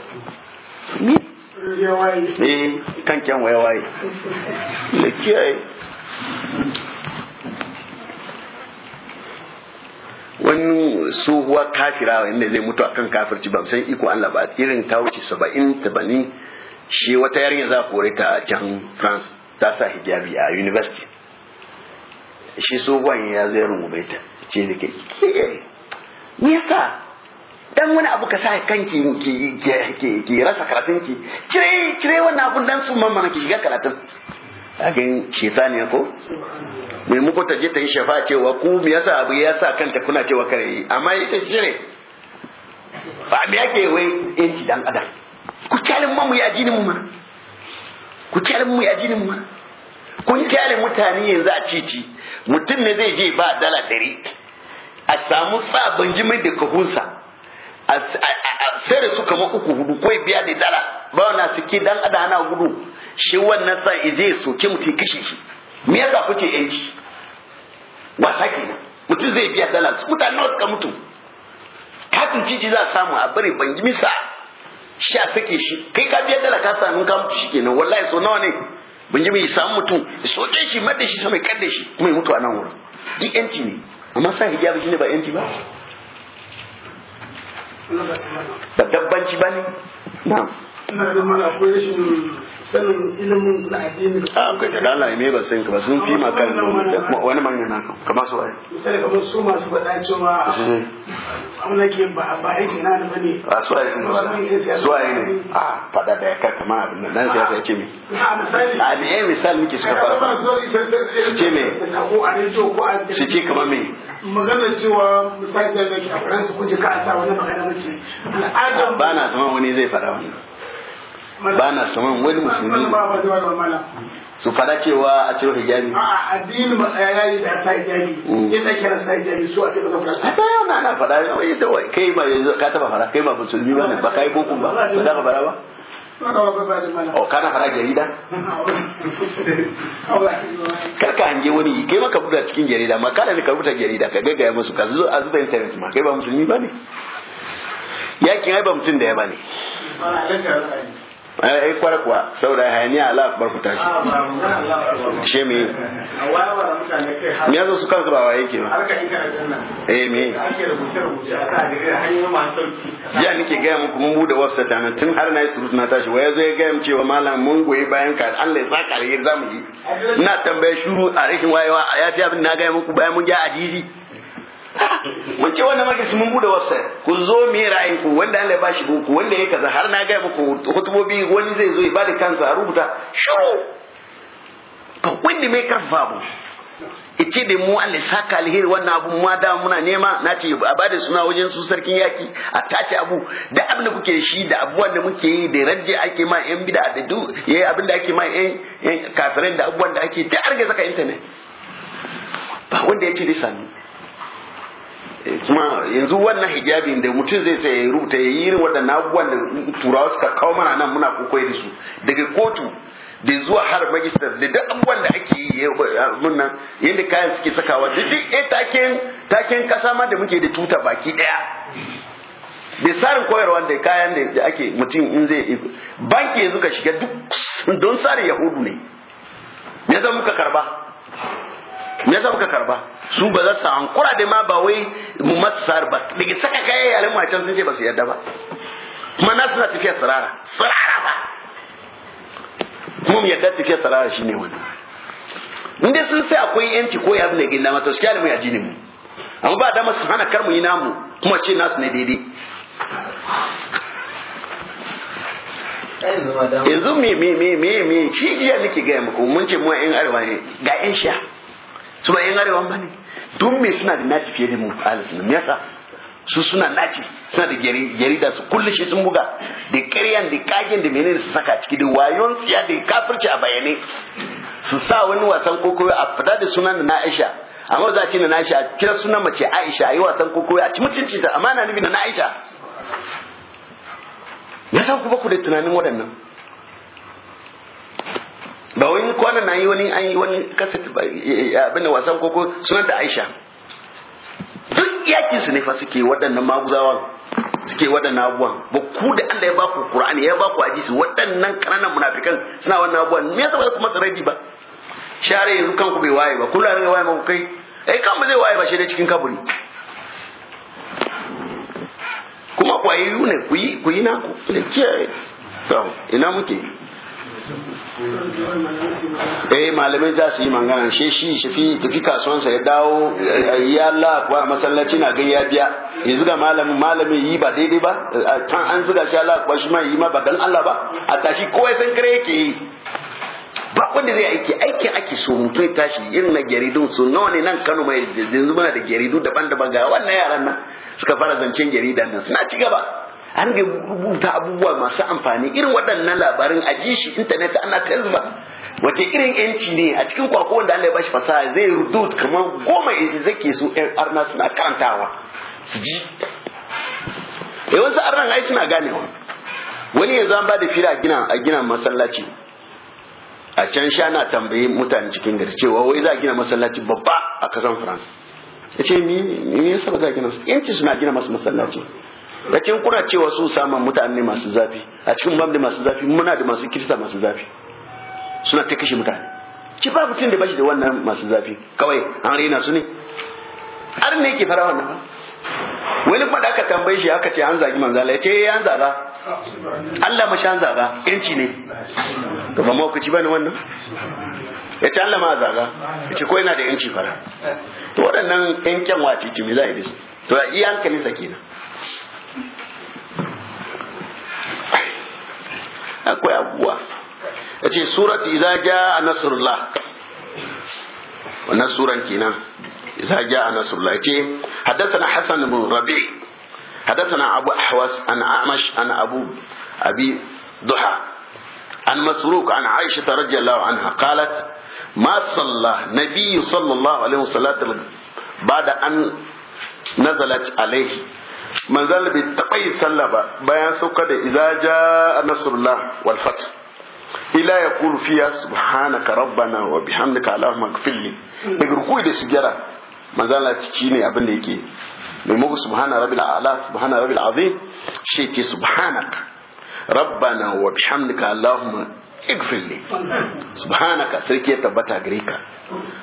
ni eh kan kyan waye waye kiyaye wani tsohuwa kafira wanda zai mutu akan kafirci ban san iko Allah ba irin ta wuce saba'in tabani shi wata yarinya za a kore ta can France ta sa hijabi a university shi tsohuwan ya zai rungume ta ce da kai ke nisa dan wani abu ka sa kanki ki rasa karatunki cire cire wannan abun dan su mamman ki shiga karatun kagan shaitani ko mai muku ta je ta yi shafa cewa ku me yasa abu ya sa kanta kuna cewa kare yi amma ita shire ba me yake wai yanci dan adam ku kyalin mu ya jinin mu ku kyalin mu ya jinin mu kun kyalin mutane yanzu a cici mutum ne zai je ba dala dari a samu sabon jimin da kahunsa a sere su kama uku hudu ko biya da dala ba wannan suke dan ada ana gudu shi wannan sa ije ki mutu kashe shi me yasa kuce yanci wasa kenan mutu zai biya dala mutan nawa suka mutu katin cici za samu a bari ban yi misa a sake shi kai ka biya dala ka samu ka mutu shikenan wallahi so nawa ne ban yi mai samu mutu soke shi madda shi sama kadda shi kuma ya mutu a nan wurin duk yanci ne amma sa hijabi shine ba yanci ba ba dabbanci ba ne na. ina da mana akwai rashin sanin ilimin na a ah, ka da lalaye me ba sun ba sun fi makan wani manya na kamar su misali kamar su masu faɗa cewa eh. amma ke ba ba aiki na da bane a ah, su sun su ne a ah, faɗa da ya kama abin nan da ya ce mi a eh, misali muke suka fara su ce me su ce kamar me magana cewa misali da ke a faransa kun ji ka a wani magana mace al'adam ba na zama wani zai faɗa wannan ba na saman wani musulmi su fara cewa a ciro hijabi a ya yi da ta hijabi mm. ya tsakiyar sa hijabi su a ce ba ka fada yau na na fada yau kai ba yanzu ka taba fara kai ba musulmi ba ne ba kai boko ba ba da ka fara ba o oh, kana fara jarida kar ka hange wani kai ma ka buga cikin jarida ma kana ne ka rubuta jarida ka ya musu ka zo a zuba internet ma kai ba musulmi ba ne yakin ai ba mutum da ya ba ne ai kwara kuwa saboda hayaniya Allah bar ku tashi ah, she me me yazo su kansu ba waye ke ba eh me ya nake ga muku mun bude website nan tun har n'ayi surutu na tashi waye zo ya ga mu cewa malam mun goyi bayan ka Allah ya saka alheri zamu yi ina tambaye shuru a rikin wayewa ya fi abin na ga muku bayan mun ga ajiji mun ce wannan majalisi mun bude website ku zo me ra'ayin ku wanda Allah ya bashi ku wanda yake kaza har na ga muku hutubobi wani zai zo ya bada kansa a rubuta shiru to wanda mai karfa mu ice da mu Allah saka alheri wannan abu ma da muna nema na ce a bada suna wajen su sarkin yaki a tace abu da abin da kuke shi da abubuwan da muke yi da rajje ake ma yan bid'a da duk yayi abin da ake ma yan kafirin da abubuwan da ake da arge zaka internet ba wanda ya ce dai sannu kuma yanzu wannan hijabin da mutum zai sai rubuta ya yi irin waɗannan abubuwan da turawa suka kawo mana nan muna kokoyi da su daga kotu da zuwa har magister da duk abubuwan da ake yi munnan yadda kayan suke sakawa da duk eh taken taken kasa ma da muke da tuta baki daya da tsarin koyarwa da kayan da ake mutum in zai banki yanzu ka shiga duk don tsarin yahudu ne me yasa muka karba me yasa muka karba su ba za su hankura da ma ba wai mu masu ba daga saka mu yaren macen sun ce ba su yarda ba kuma na suna tafiya sarara sarara ba kuma mu yarda tafiya sarara shine wani. inda sun sai akwai yanci ko ya da gina mata su kyalimu ya ji ne mu amma ba da masu hana karmu yi namu kuma ce nasu ne daidai yanzu me me me me me shi jiya nake gaya muku mun ce mu yan arewa ne ga yan sha su ba yan arewa ba ne Tun me suna da naci fiye da mu alisun me yasa su suna naci suna da jarida su kulle shi sun buga da ƙaryan da kagen da menene su saka ciki da wayon tsiya da kafirci a bayane su sa wani wasan kokowa a fita da sunan na Aisha amma za a ce na Aisha a kira sunan mace Aisha yi wasan kokowa a ci mutunci ta amana nufi na Aisha ya san ku ku da tunanin waɗannan ba wani kwanan na yi wani an yi wani kasat eh, abin da wasan koko sunan da aisha duk yakin su ne fa suke waɗannan maguzawan suke waɗannan abubuwan ba ku da Allah ya ba ku Qur'ani ya ba ku hadisi waɗannan kananan munafikan suna wannan abubuwan me yasa ba ku masa rabi ba share yanzu kanku bai waye ba kullum rai waye maku kai eh kan ba zai waye ba shi ne cikin kaburi kuma kwayoyi ne ku yi ku yi naku ku kiyaye to ina muke eh malamai za su yi magana shi shi shafi tafi kasuwansa ya dawo eh, ya Allah a masallaci na gani ya biya ya zuga malamin malamin yi ba daidai ba can eh, an zuga shi Allah shi ma yi ma ba dan Allah ba a tashi kowai san kare yake yi ba wanda zai aiki aiki ake so mutum ya tashi irin na jaridun su nawa ne nan Kano mai yanzu muna da jaridu daban-daban ga wannan yaran nan suka fara zancen jaridan nan suna ci gaba an ga rubuta abubuwa masu amfani irin waɗannan labarin a ji shi intanet ana ta zuba wace irin yanci ne a cikin kwako wanda Allah ya bashi fasaha zai rudut kamar goma zake so yan arna suna karantawa su ji eh wasu arnan ai suna ganewa wani yanzu an ba da fira gina a gina masallaci a can sha na tambayi mutane cikin gari cewa wai za a gina masallaci babba a kasan France ya ce ni ne yasa ba za a gina yanci suna gina masu masallaci na ce kuna cewa su samun mutane masu zafi a cikin bam da masu zafi muna da masu kirista masu zafi suna ta kashe mutane ki ba mutum da bashi da wannan masu zafi kawai an raina su ne har ne yake fara wannan wani kwada aka tambaye shi aka ce an zagi manzala ya ce ya eh, an zaga Allah mashi an zaga yanci ne ga ba mawakaci bane wannan ya ce Allah ma zaga ya ce kawai na da yanci fara to waɗannan yankin wace ce ce me za a yi da su to iya kenan akwai abubuwa ya ce surat izaja a nasarullah wannan suran kenan izaja a nasarullah ya ce haddasa hasan bin rabi haddasa abu ahwas an amash an abu abi duha an masruk an aisha ta rajallahu anha qalat ma salla nabi sallallahu alaihi wasallam ba da an nazalat alaihi manzal bai taɓa yi sallah ba bayan sauka da idza a nasrullah wal fath ila yaqulu fiya subhanaka rabbana wa bihamdika allahumma ighfirli daga ruku'i da su sujjara manzal na ciki ne abin da yake mai muku subhana rabbil a'la subhana rabbil azim shi ce subhanaka rabbana wa bihamdika allahumma ighfirli subhanaka sarki ya tabbata gare ka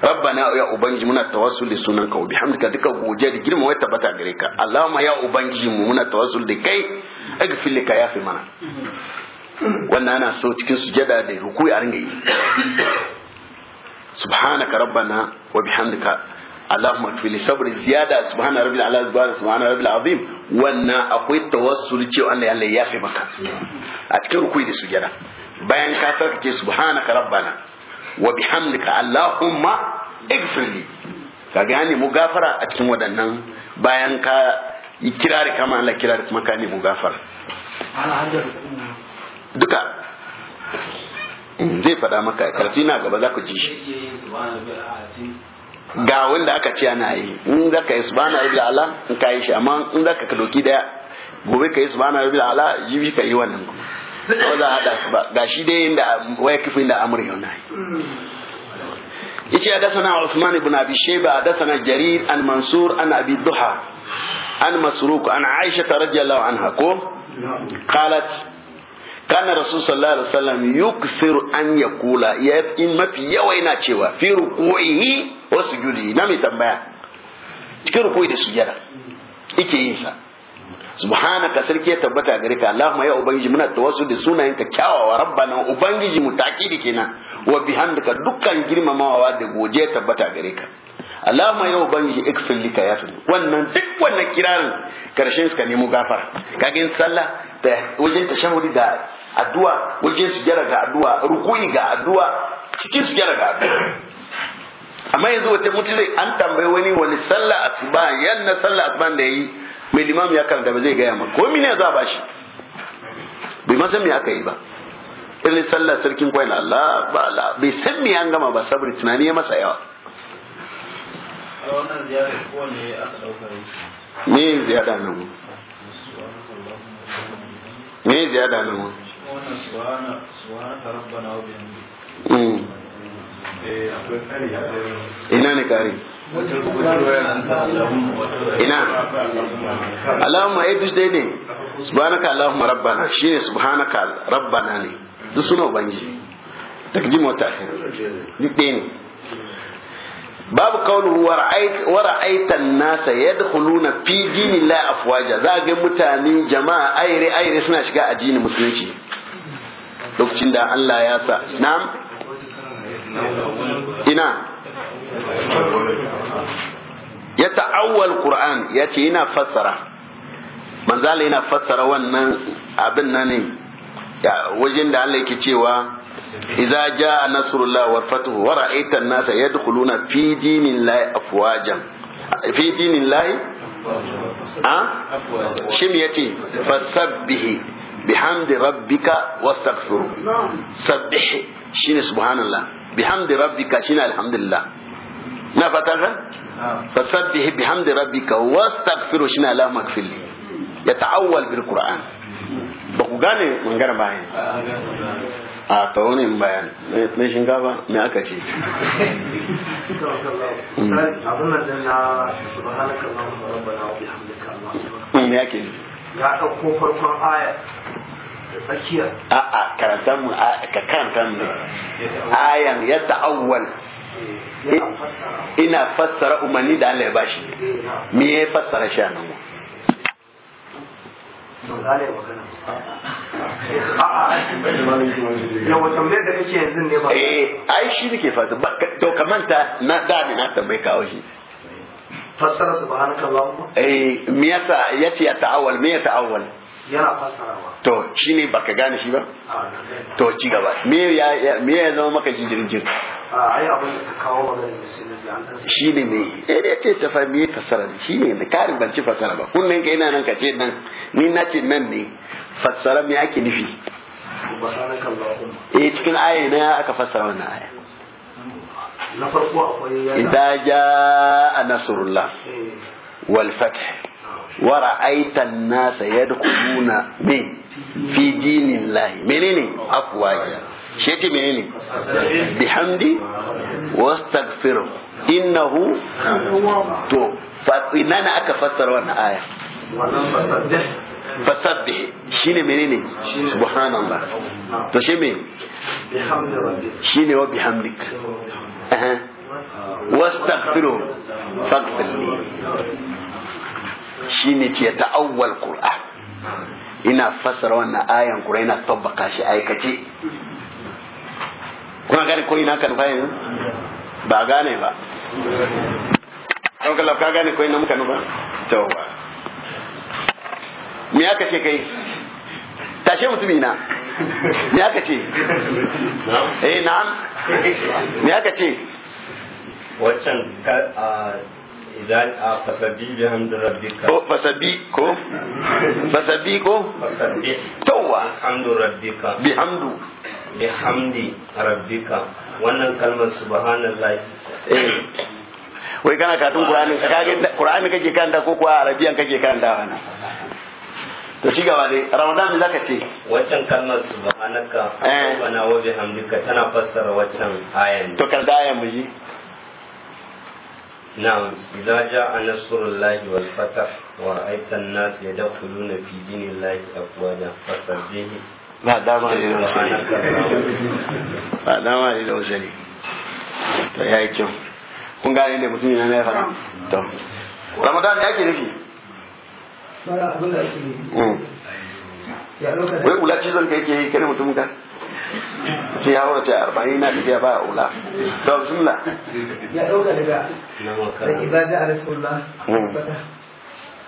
rabbana ya ubangiji muna tawassul da sunan ka bihamdika duka goje da girma wai tabbata gare ka allahumma ya ubangiji mu muna tawassul da kai aghfir lika fi mana wannan ana so cikin sujada da rukuyi a ringa yi subhanaka rabbana wa bihamdika allahumma li sabri ziyada subhana rabbil ala subhana rabbil azim wannan akwai tawassul cewa Allah Allah ya yafe maka a cikin rukuyi da sujada bayan ka sarkace subhanaka rabbana wa bihamdika allahumma igfirli ka gane mu gafara a cikin waɗannan bayan ka yi kirari kama Allah kirari kuma ka nemi gafara duka mm, zai faɗa maka karfi na gaba za ku ji shi ga wanda aka ce ana yi in za ka yi subhana rabbil ala in ka yi shi amma in za ka doki daya gobe ka yi subhana rabbil ala jibi ka yi wannan kuma ba za a haɗa su ba ga shi dai inda waya kifin da amur yau na yace hadathana Uthman ibn Abi Shayba hadathana Jarir an Mansur an Abi Duha an Masruq an Aisha radhiyallahu anha ko qalat kana rasul sallallahu alaihi wasallam yuksiru an yakula ya in mafi yawa yana cewa fi ruku'i wa sujudi na mai tambaya cikin ruku'i da sujada yake yin sa subhanaka sarki ya tabbata gare ka Allahumma ya ubangiji muna tawassul da sunayenka kyawawa rabbana ubangiji mu takidi kenan wa bihamdika dukkan girmamawa da goje tabbata gare ka Allahumma ya ubangiji ikfir lika ya wannan duk wannan kirarin karshen suka nemo gafara kagin sallah da wajen tashahudi da addu'a wajen gyara ga addu'a ruku'i ga addu'a cikin su gyara ga addu'a amma yanzu wata mutum an tambayi wani wani sallah asuba yanna sallah asuban da yayi mai limam ya karanta ba zai gaya ma ko mine za ba shi bai ma san me aka yi ba irin sallah sarkin kwai na Allah ba Allah bai san me an gama ba saboda tunani ya masa yawa me ziyada nan me ziyada nan hmm. eh, ina ne kare ina Allahumma ai eh, duk dai ne subhanaka Allahumma rabbana shine subhanaka rabbana ne duk suna ubangiji takjim wa tahir duk dai ne babu kaunin an nasa yadkhuluna fi dini la afwaja za ga mutane jama'a aire aire suna shiga addinin musulunci lokacin da Allah ya sa na'am ina ya ta'awwal qur'an ya ce yana fassara manzala yana fassara wannan abin nan ne wajen da Allah yake cewa idza jaa nasrullah wal fath wa ra'aita an-nasa yadkhuluna fi dinillahi afwajan fi dinillahi a shim yace fasabbihi bihamdi rabbika wastaghfiru sabbih shine subhanallah bihamdi rabbika shine alhamdulillah na fata kan fasabbih bihamdi rabbika wastaghfiru shina la magfirli ya ta'awwal bil qur'an ba ku gane mangana bayan a ta wani bayan na shinkafa me aka ce me ake ne ya ɗauko farkon aya da tsakiya a'a karanta mu ka karanta mu ayan ya ta'awwal Eh, ina fassara umarni da Allah ya bashi me ya fassara shi nan yawa tambayar da kake ne ba eh ai shi nake fasa to kamanta na da na tambaye kawo shi fassara subhanaka allahumma eh me yasa yace ya ta'awwal me ya ta'awwal yana fassarawa to shine baka gane shi ba to ci gaba me ya me ya zama maka jinjirin jinjirin shi ne ne sai eh, dai ce ta fahimci fasara shi ne ne karin ban ci fasara ba Kun kunnen ka ina nan ka ce nan ni na ce nan ne fasara me ake nufi eh cikin aya na aka fassara wannan aya na farko akwai yana idza jaa nasrullah eh. wal fath wa ra'aita an-nasa yadkhuluna bi fi dinillahi menene afwaja shi yace menene bihamdi wastaghfiru innahu to ina na aka fassara wannan aya fasabbe shi ne menene subhanallah to shi me shi ne wa bihamdik wastaghfiru faghfirli shi ne ce ta awwal qur'an ina fassara wannan ayan qur'an ina tabbaka shi aikace kuna gane ko ina kan fayin ba gane ba ɗaukala ka gane ko ina muka nufa tawwa me aka ce kai tashe mutumi na me aka ce eh na'am me aka ce waccan idan a fasabi bi hamdu rabbika ko fasabi ko fasabi ko fasabi tawwa hamdu rabbika bi hamdu bihamdi rabbika wannan kalmar subhanallahi eh. wai kana katun qur'ani kage qur'ani kake kanta ko kuwa arabiyan kake kanta wannan to ci gaba dai ramadan da zaka ce waccan kalmar subhanaka eh. rabbana wa bihamdika tana fassara waccan ayan to kar da ayan miji نعم إذا جاء نصر الله والفتح ورأيت الناس يدخلون في دين الله أفواجا فسبح ba dama ne da wasu ba dama ne da to ya yi kyau kun gane da mutum yana ya fara to ramadan ya ke nufi mm. wai ula yi kare mutum ka ce ya arba'in na tafiya ba ula ya daga ibada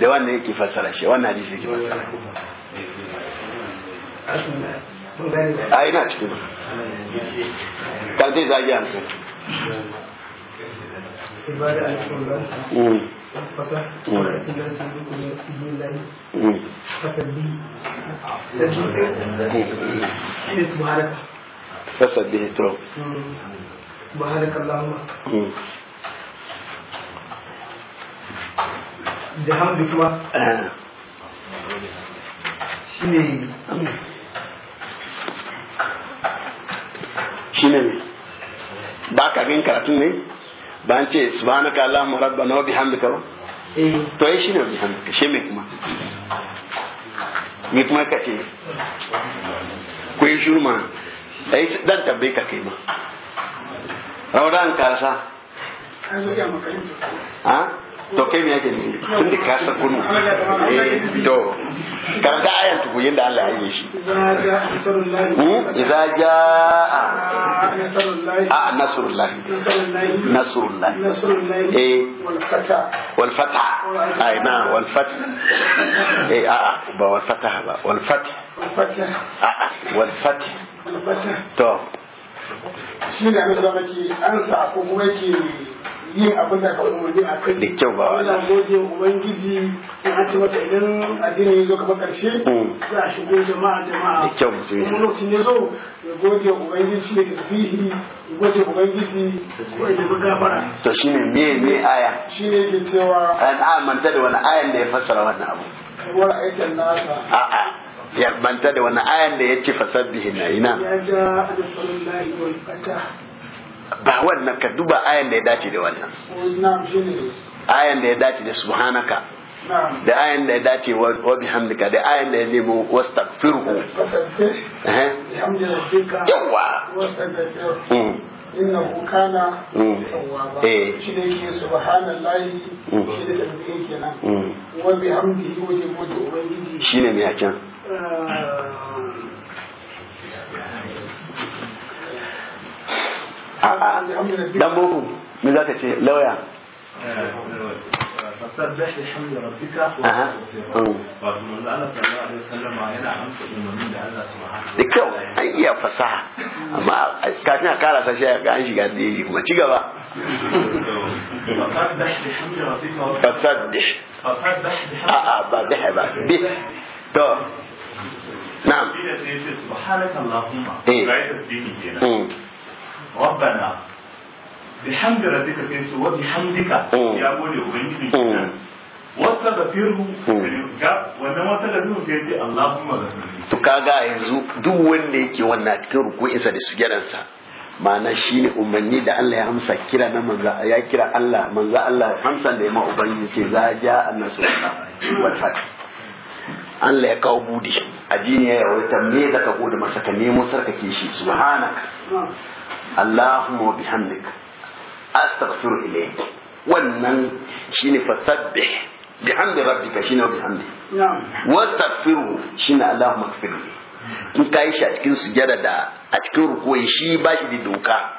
da wannan yake fassara shi wannan hadisi yake fassara a ina cikin kan zai zagi hamsin فسبه تو سبحانك اللهم mm. da hamdu kuma shine shine ne ba ka bin karatun ne ba an ce subhanaka allahumma rabbana wa bihamdika ba eh. to ai shine bihamdika shi me kuma me kuma kace ku yi shiru ma ai dan tabbai ka kai ma rauran kasa ha to kai me yake nufi tun da kasar kunu eh, to karanta ayan tuku yadda Allah ya yi shi ku hmm? idza jaa a nasrullah nasrullah eh wal fatah ay na wal fatah eh a ah, a ah, ba wal fatah ba wal fatah a ah, wal fatah to shi ne da ba ki sa ko kuma ki yin abin da ka umarni a kai da kyau ba wani ce masa idan addini ya zo kamar karshe mm. a shigo jama'a jama'a da kyau mutum ya zo ya ubangiji shi ne tasbihi ya ya gafara to ne me me aya cewa an manta da wani ayan da ya fassara wannan abu kamar aikin nasa a'a ya banta da wani ayan da ya ce na ya ja da sallallahu alaihi wa sallam ba wannan ka duba ayan da ya dace da wannan ayan da ya dace da subhanaka da ayan da ya dace wa bihamdika da ayan da ya nemo wastaghfirhu yawa mm. innahu kana mm. tawwaba eh. shi da yake da mm. kenan wa bihamdihi wa dan boko me zaka ce lauya fasabbih bihamdi rabbika wa da kyau an iya fasaha amma kafin a kara sa shaya ga an shiga daji kuma ci gaba fasabbih a'a ba bihi ba bih to na'am subhanakallahumma ga tasbihi kenan rabbana bihamdi rabbika sai su wa bihamdika ya gode ubangiji wata da firru ga wannan wata da firru sai ce Allahumma ghafirli to kaga yanzu duk wanda yake wannan cikin ruku'insa da sujadansa ma'ana ne umarni da Allah ya amsa kira na manzo ya kira Allah manzo Allah hamsan da ya ma ubangiji ce za a ja annasu wal fath Allah ya kawo budi a jini ya yawaita me daga ka masaka ne ka nemo sarkake shi subhanaka Allahumma bihamdik astaghfiru ilayk wannan shine fasabbih bihamdi rabbika shine bihamdi wastaghfiru shine Allahumma ighfirli in kai shi a cikin sujada da a cikin rukuyi shi ba shi da doka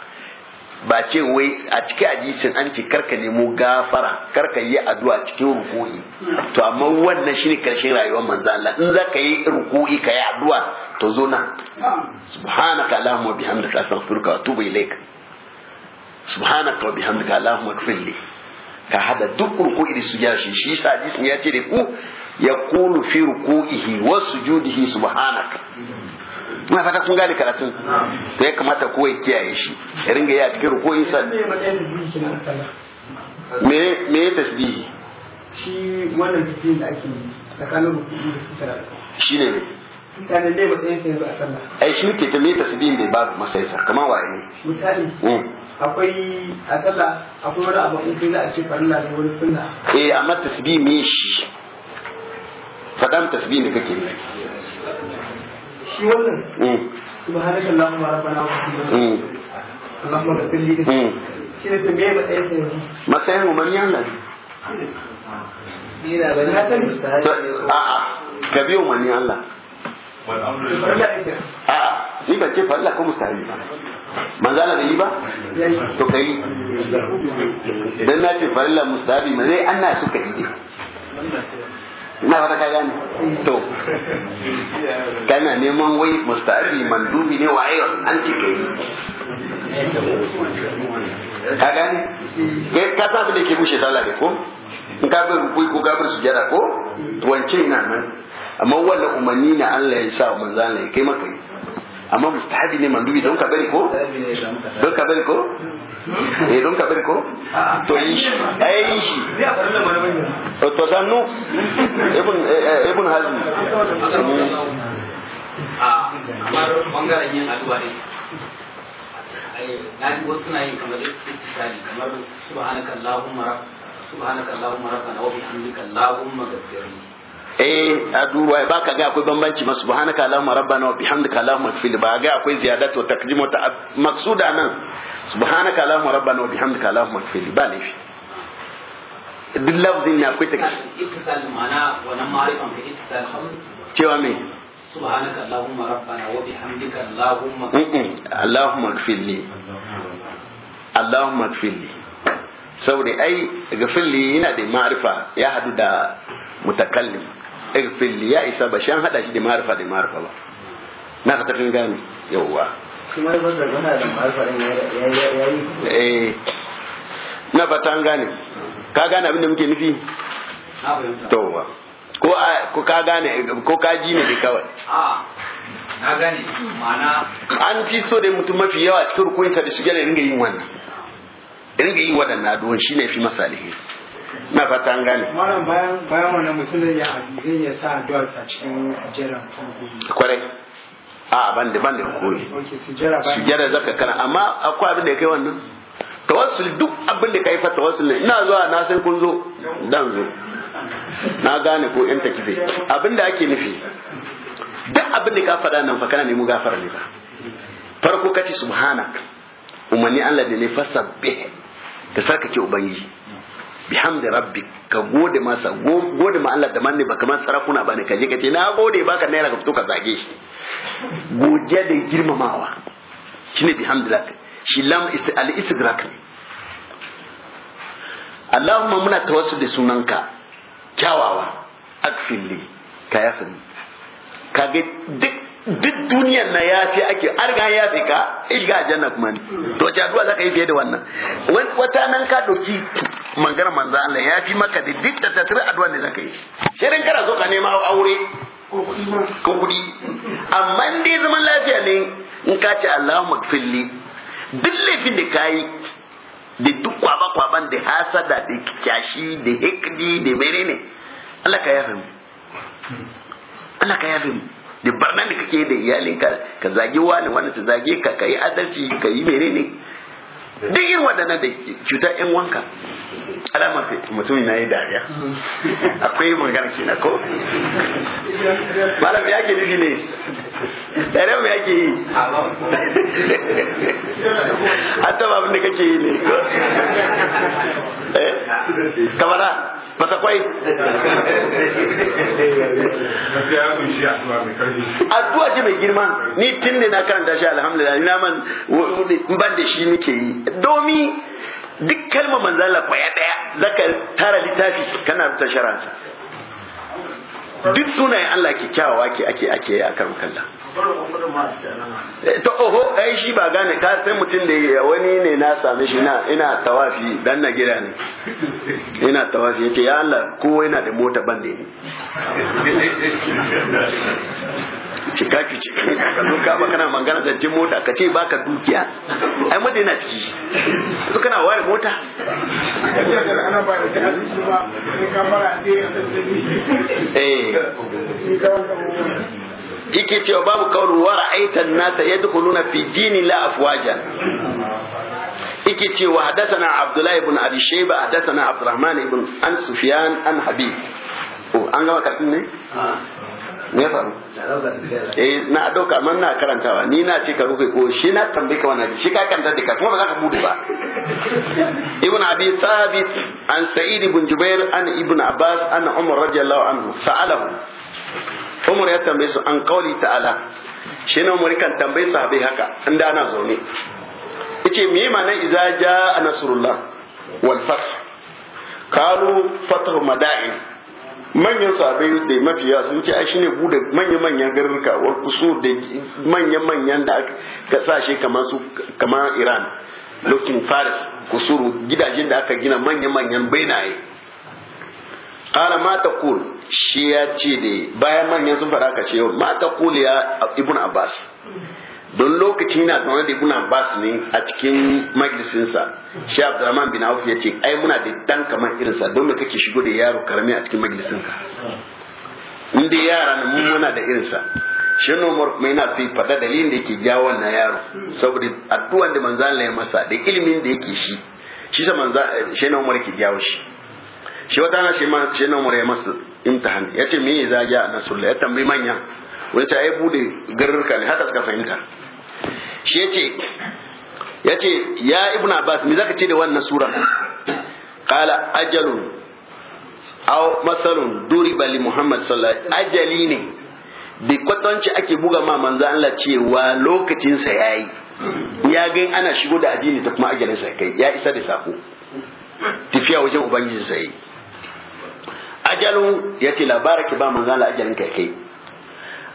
ba ce wai a cikin hadisin an ce karka nemo gafara karka yi addu'a cikin ruku'i to amma wannan shine karshen rayuwar manzo Allah in za ka yi ruku'i ka yi addu'a to zo na subhanaka allahumma bihamdika astaghfiruka wa atubu ilaik subhanaka wa bihamdika allahumma ighfirli ka hada duk ruku'i da sujada shi shi sa hadisin ya ce da ku yaqulu fi ruku'ihi wa sujudihi subhanaka ina fata kun gane karatun to ya kamata kowa ya kiyaye shi ya ringa ya a cikin rukoyin sa me me ya tasbihi shi wannan cikin da ake yi tsakanin rukuyi da sutura shine ne ne dai matsayin sai a sallah ai shi ke ta me tasbihin bai babu masai sa kamar waye ne misali mm. akwai a sallah akwai wani abu in kai za a ce farilla da wani sunna eh amma tasbih me shi fadan tasbih da kake yi shi wannan mm. subhanaka wa mm. mm. shi ne su matsayin yanzu matsayin mu ni da ban haka misali a'a ka biyo manni Allah a'a ni ban ce falla ko mustahabi ba da yi ba to dan na ce farilla mustahabi ma suka yi na wata ka gane to kana neman wai mustafi mandubi ne wa ayyar an ce kai ka gane ka sa da ke bushe sallah ne ko in ka bai rukui ko ka bai sujada ko wance ina nan amma wannan umanni na Allah ya sa manzo Allah ya kai maka amma mustahabi ne mandubi don ka bari ko don ka bari ko eh don ko to yi shi ai eh, yi shi to sannu ibn eh, eh, ibn hazmi a kamar yin addu'a ne na ji wasu yin kamar subhanakallahumma rabbana wa bihamdika allahumma ghfirli eh a duba ba ka ga akwai bambanci ma subhanaka allahumma rabbana wa bihamdika allahumma fil ba ga akwai ziyadatu wa taqdimu ta maqsuda nan subhanaka allahumma rabbana wa bihamdika allahumma fil ba ne shi duk lafzin ne akwai taqdim ittisal mana nan ma'rifan ka ittisal cewa me subhanaka allahumma rabbana wa bihamdika allahumma allahumma ighfirli allahumma ighfirli saboda ai gafilli yana da ma'arifa ya hadu da mutakallim gafilli ya isa ba shan hada shi da ma'arifa da ma'arifa ba na ka tafi gani yawwa eh na ta gane ka gane abin da muke nufi to ko ko ka gane ko ka ji ne kawai na gane ma'ana an fi so da mutum mafi yawa cikin rukunsa da shigar da ringa yin wannan ringa yi waɗannan addu'o'in shine fi masa alheri na fata an gane malam bayan bayan wannan mutum ya hadisi ya sa addu'a a cikin jeran kwarai a ban da ban da hukumi sujjara zaka kana amma akwai abin da ya kai wannan tawassul duk abin da kai fa tawassul ne ina zuwa na san kun zo dan zo na gane ko ta takife abin da ake nufi duk abin da ka faɗa nan fa kana nemo gafara ne ba farko kace subhanak umani Allah da ne fasabbih ka ke ubangiji bihamdi rabbi ka gode masa gode ma Allah da manne baka man sarakuna bane ka je ka ce na gode baka naira ka fito ka zage shi godiya da girmamawa shine bihamdillah shi lam al istighraq ne Allahumma muna tawassul da sunanka kyawawa akfilli ka yafi ka ga duk duk duniya na yafi ake arga ya fi ka shiga aljanna kuma ne to ci addu'a ka yi fiye da wannan wata nan ka doki mangana manzo Allah ya fi maka da duk da tattara addu'a ne ka yi shirin kana so ka nema aure ko kudi amma dai zaman lafiya ne in ka ce ma gfirli duk laifin da kayi da duk kwaba-kwaban da hasada da kyashi da hikdi da menene Allah ka yafe mu Allah ka yafe mu ke barnan da kake da iyalinka ka zage wani wani ta zage ka kai adalci ka yi menene duk irin waɗannan da ke cutar yan wanka alamar mutum na yi dariya akwai magana ke na ko malam ya ke nufi ne dariya ya ke yi an taba abin da kake yi ne eh? kamara masakwai addu'a ce mai girma ni tun ne na karanta shi alhamdulillah na man ban da shi nake yi domi duk kalmar manzala kwaya daya zaka tara littafi kana rubuta sharansa duk sunayen Allah kyakkyawa ke ake ake a kan kalla eh, To oho ai shi ba gane ka sai mutum da wani ne na same shi na ina tawafi dan na gida ne ina tawafi yace ya Allah kowa yana da mota ban da ni ka ki ci ka zo ka kana magana da jin mota ka ce baka dukiya ai mota yana ciki to kana ware mota eh yake cewa babu kawar wa ra'aitan nasa yadkhuluna fi dini la afwajan yake cewa hadathana abdullah ibn abi shayba hadathana abdurrahman ibn an sufyan an habib oh, an gama karatun ne ah. me ya faru eh na doka amma na karantawa ni na ce ka rufe ko shi na tambaye ka wannan shi ka kanta da ka kuma ba za ka bude ba ibn abi sabit an sa'id ibn jubair an ibn abbas an umar radiyallahu anhu sa'alahu umar ya tambaye su an qawli ta'ala shi ne umar kan tambaye su abai haka inda ana zaune yace me ma'anar idza jaa nasrullah wal fath qalu fathu mada'in manyan sahabbai da mafiya sun ce ai shine bude manya-manyan garuruka wa kusu da manya-manyan da aka kasashe kamar su kamar Iran lokin Faris kusuru gidajen da aka gina manya-manyan bainaye qala ma kul shi ya ce da bayan manyan sun fara ka ce ma kul ya ibn Abbas don lokaci na zaune da ibn Abbas ne a cikin majalisinsa shi Abdurrahman bin Auf ya ce ai muna da dan kamar irinsa don da kake shigo da yaro karami a cikin majalisinka in dai yara ne mun muna da irinsa shi Umar kuma yana sai faɗa dalilin da yake jawo wannan yaro saboda addu'an da manzan Allah ya masa da ilimin da yake shi shi sa manzan shi Umar yake jawo shi shi wata na shi ma Umar ya masa imtihan ya ce me ya zagi a nasullah ya tambayi manya wani ta ya bude garurka ne haka suka fahimta shi ya ce ya ce ya ibn abbas me zaka ce da wannan sura qala ajalun aw masalun duri bali muhammad sallallahu alaihi ajali ne da kwatanci ake buga ma manzo Allah cewa lokacin sa yayi ya ga ana shigo da ajini da kuma ajalin sa kai ya isa da sako tafiya wajen ubangiji sai ajalun ce, labaraki ba manzo Allah ajalin kai kai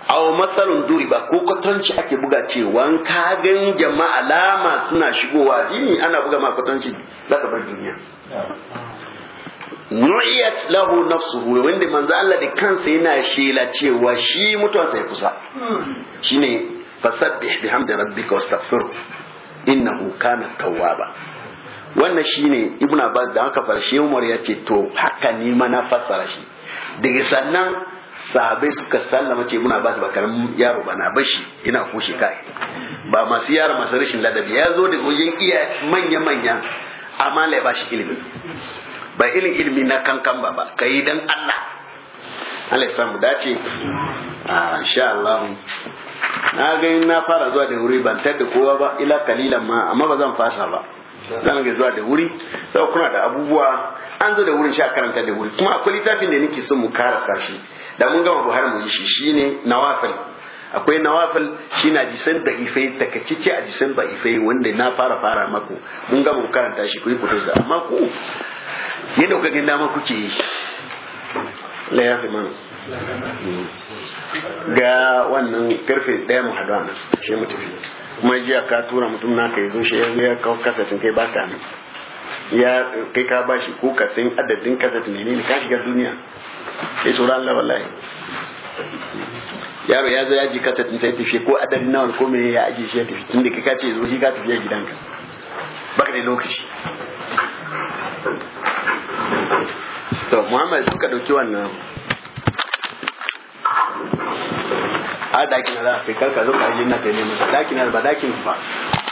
aw masalun ba ko kwatanci ake buga cewa ka gan jama'a lama suna shigowa jini ana buga ma kwatanci za ka bar duniya nu'iyat lahu nafsuhu wanda manzo Allah da kansa yana shela cewa shi mutuwa sai kusa shine fasabbih bihamdi rabbika wastaghfir innahu kana tawwaba wannan shine ibnu abbas da haka farshe umar ya ce to haka ne mana na fassara shi daga sannan sahabai suka sallama ce muna ba su ba yaro ba na bashi ina kushe kai ba masu yara masu rashin ladabi ya zo da wajen iya manya-manya amma lai ba shi ilimi ba ilin ilimi na kankan ba ba ka dan Allah Allah ya samu dace a ah, insha Allah na ga na fara zuwa da wuri ban tar kowa ba ila kalilan ma amma ba zan fasa ba zan ga zuwa da wuri sau kuna da abubuwa an zo da wurin sha karanta da wuri kuma akwai littafin da nake so mu karasa shi da mun gama buhari mun yi shi shine nawafil akwai nawafil shine ajisan da ifai takacce ajisan da ifai wanda na fara fara mako mun gama mu karanta shi kuyi kudu amma ku yadda kuka gani dama kuke yi la yafi mana ga wannan karfe daya mu hadu nan shi mu tafi kuma jiya ka tura mutum na ya zo shi ya kawo kasafin kai baka nan ya kai ka bashi ko kasin adadin kasafin ne ne ka shiga duniya sai tsoron Allah wallahi yaro ya zo ya ji kasa din sai tafi ko adadin nawa ko me ya aje shi ya tafi tun da ka ce zo shi ka tafi gidanka baka da lokaci to Muhammad suka dauki wannan a dakin da za a kai karka zo ka yi na kai ne masa dakin ba dakin ba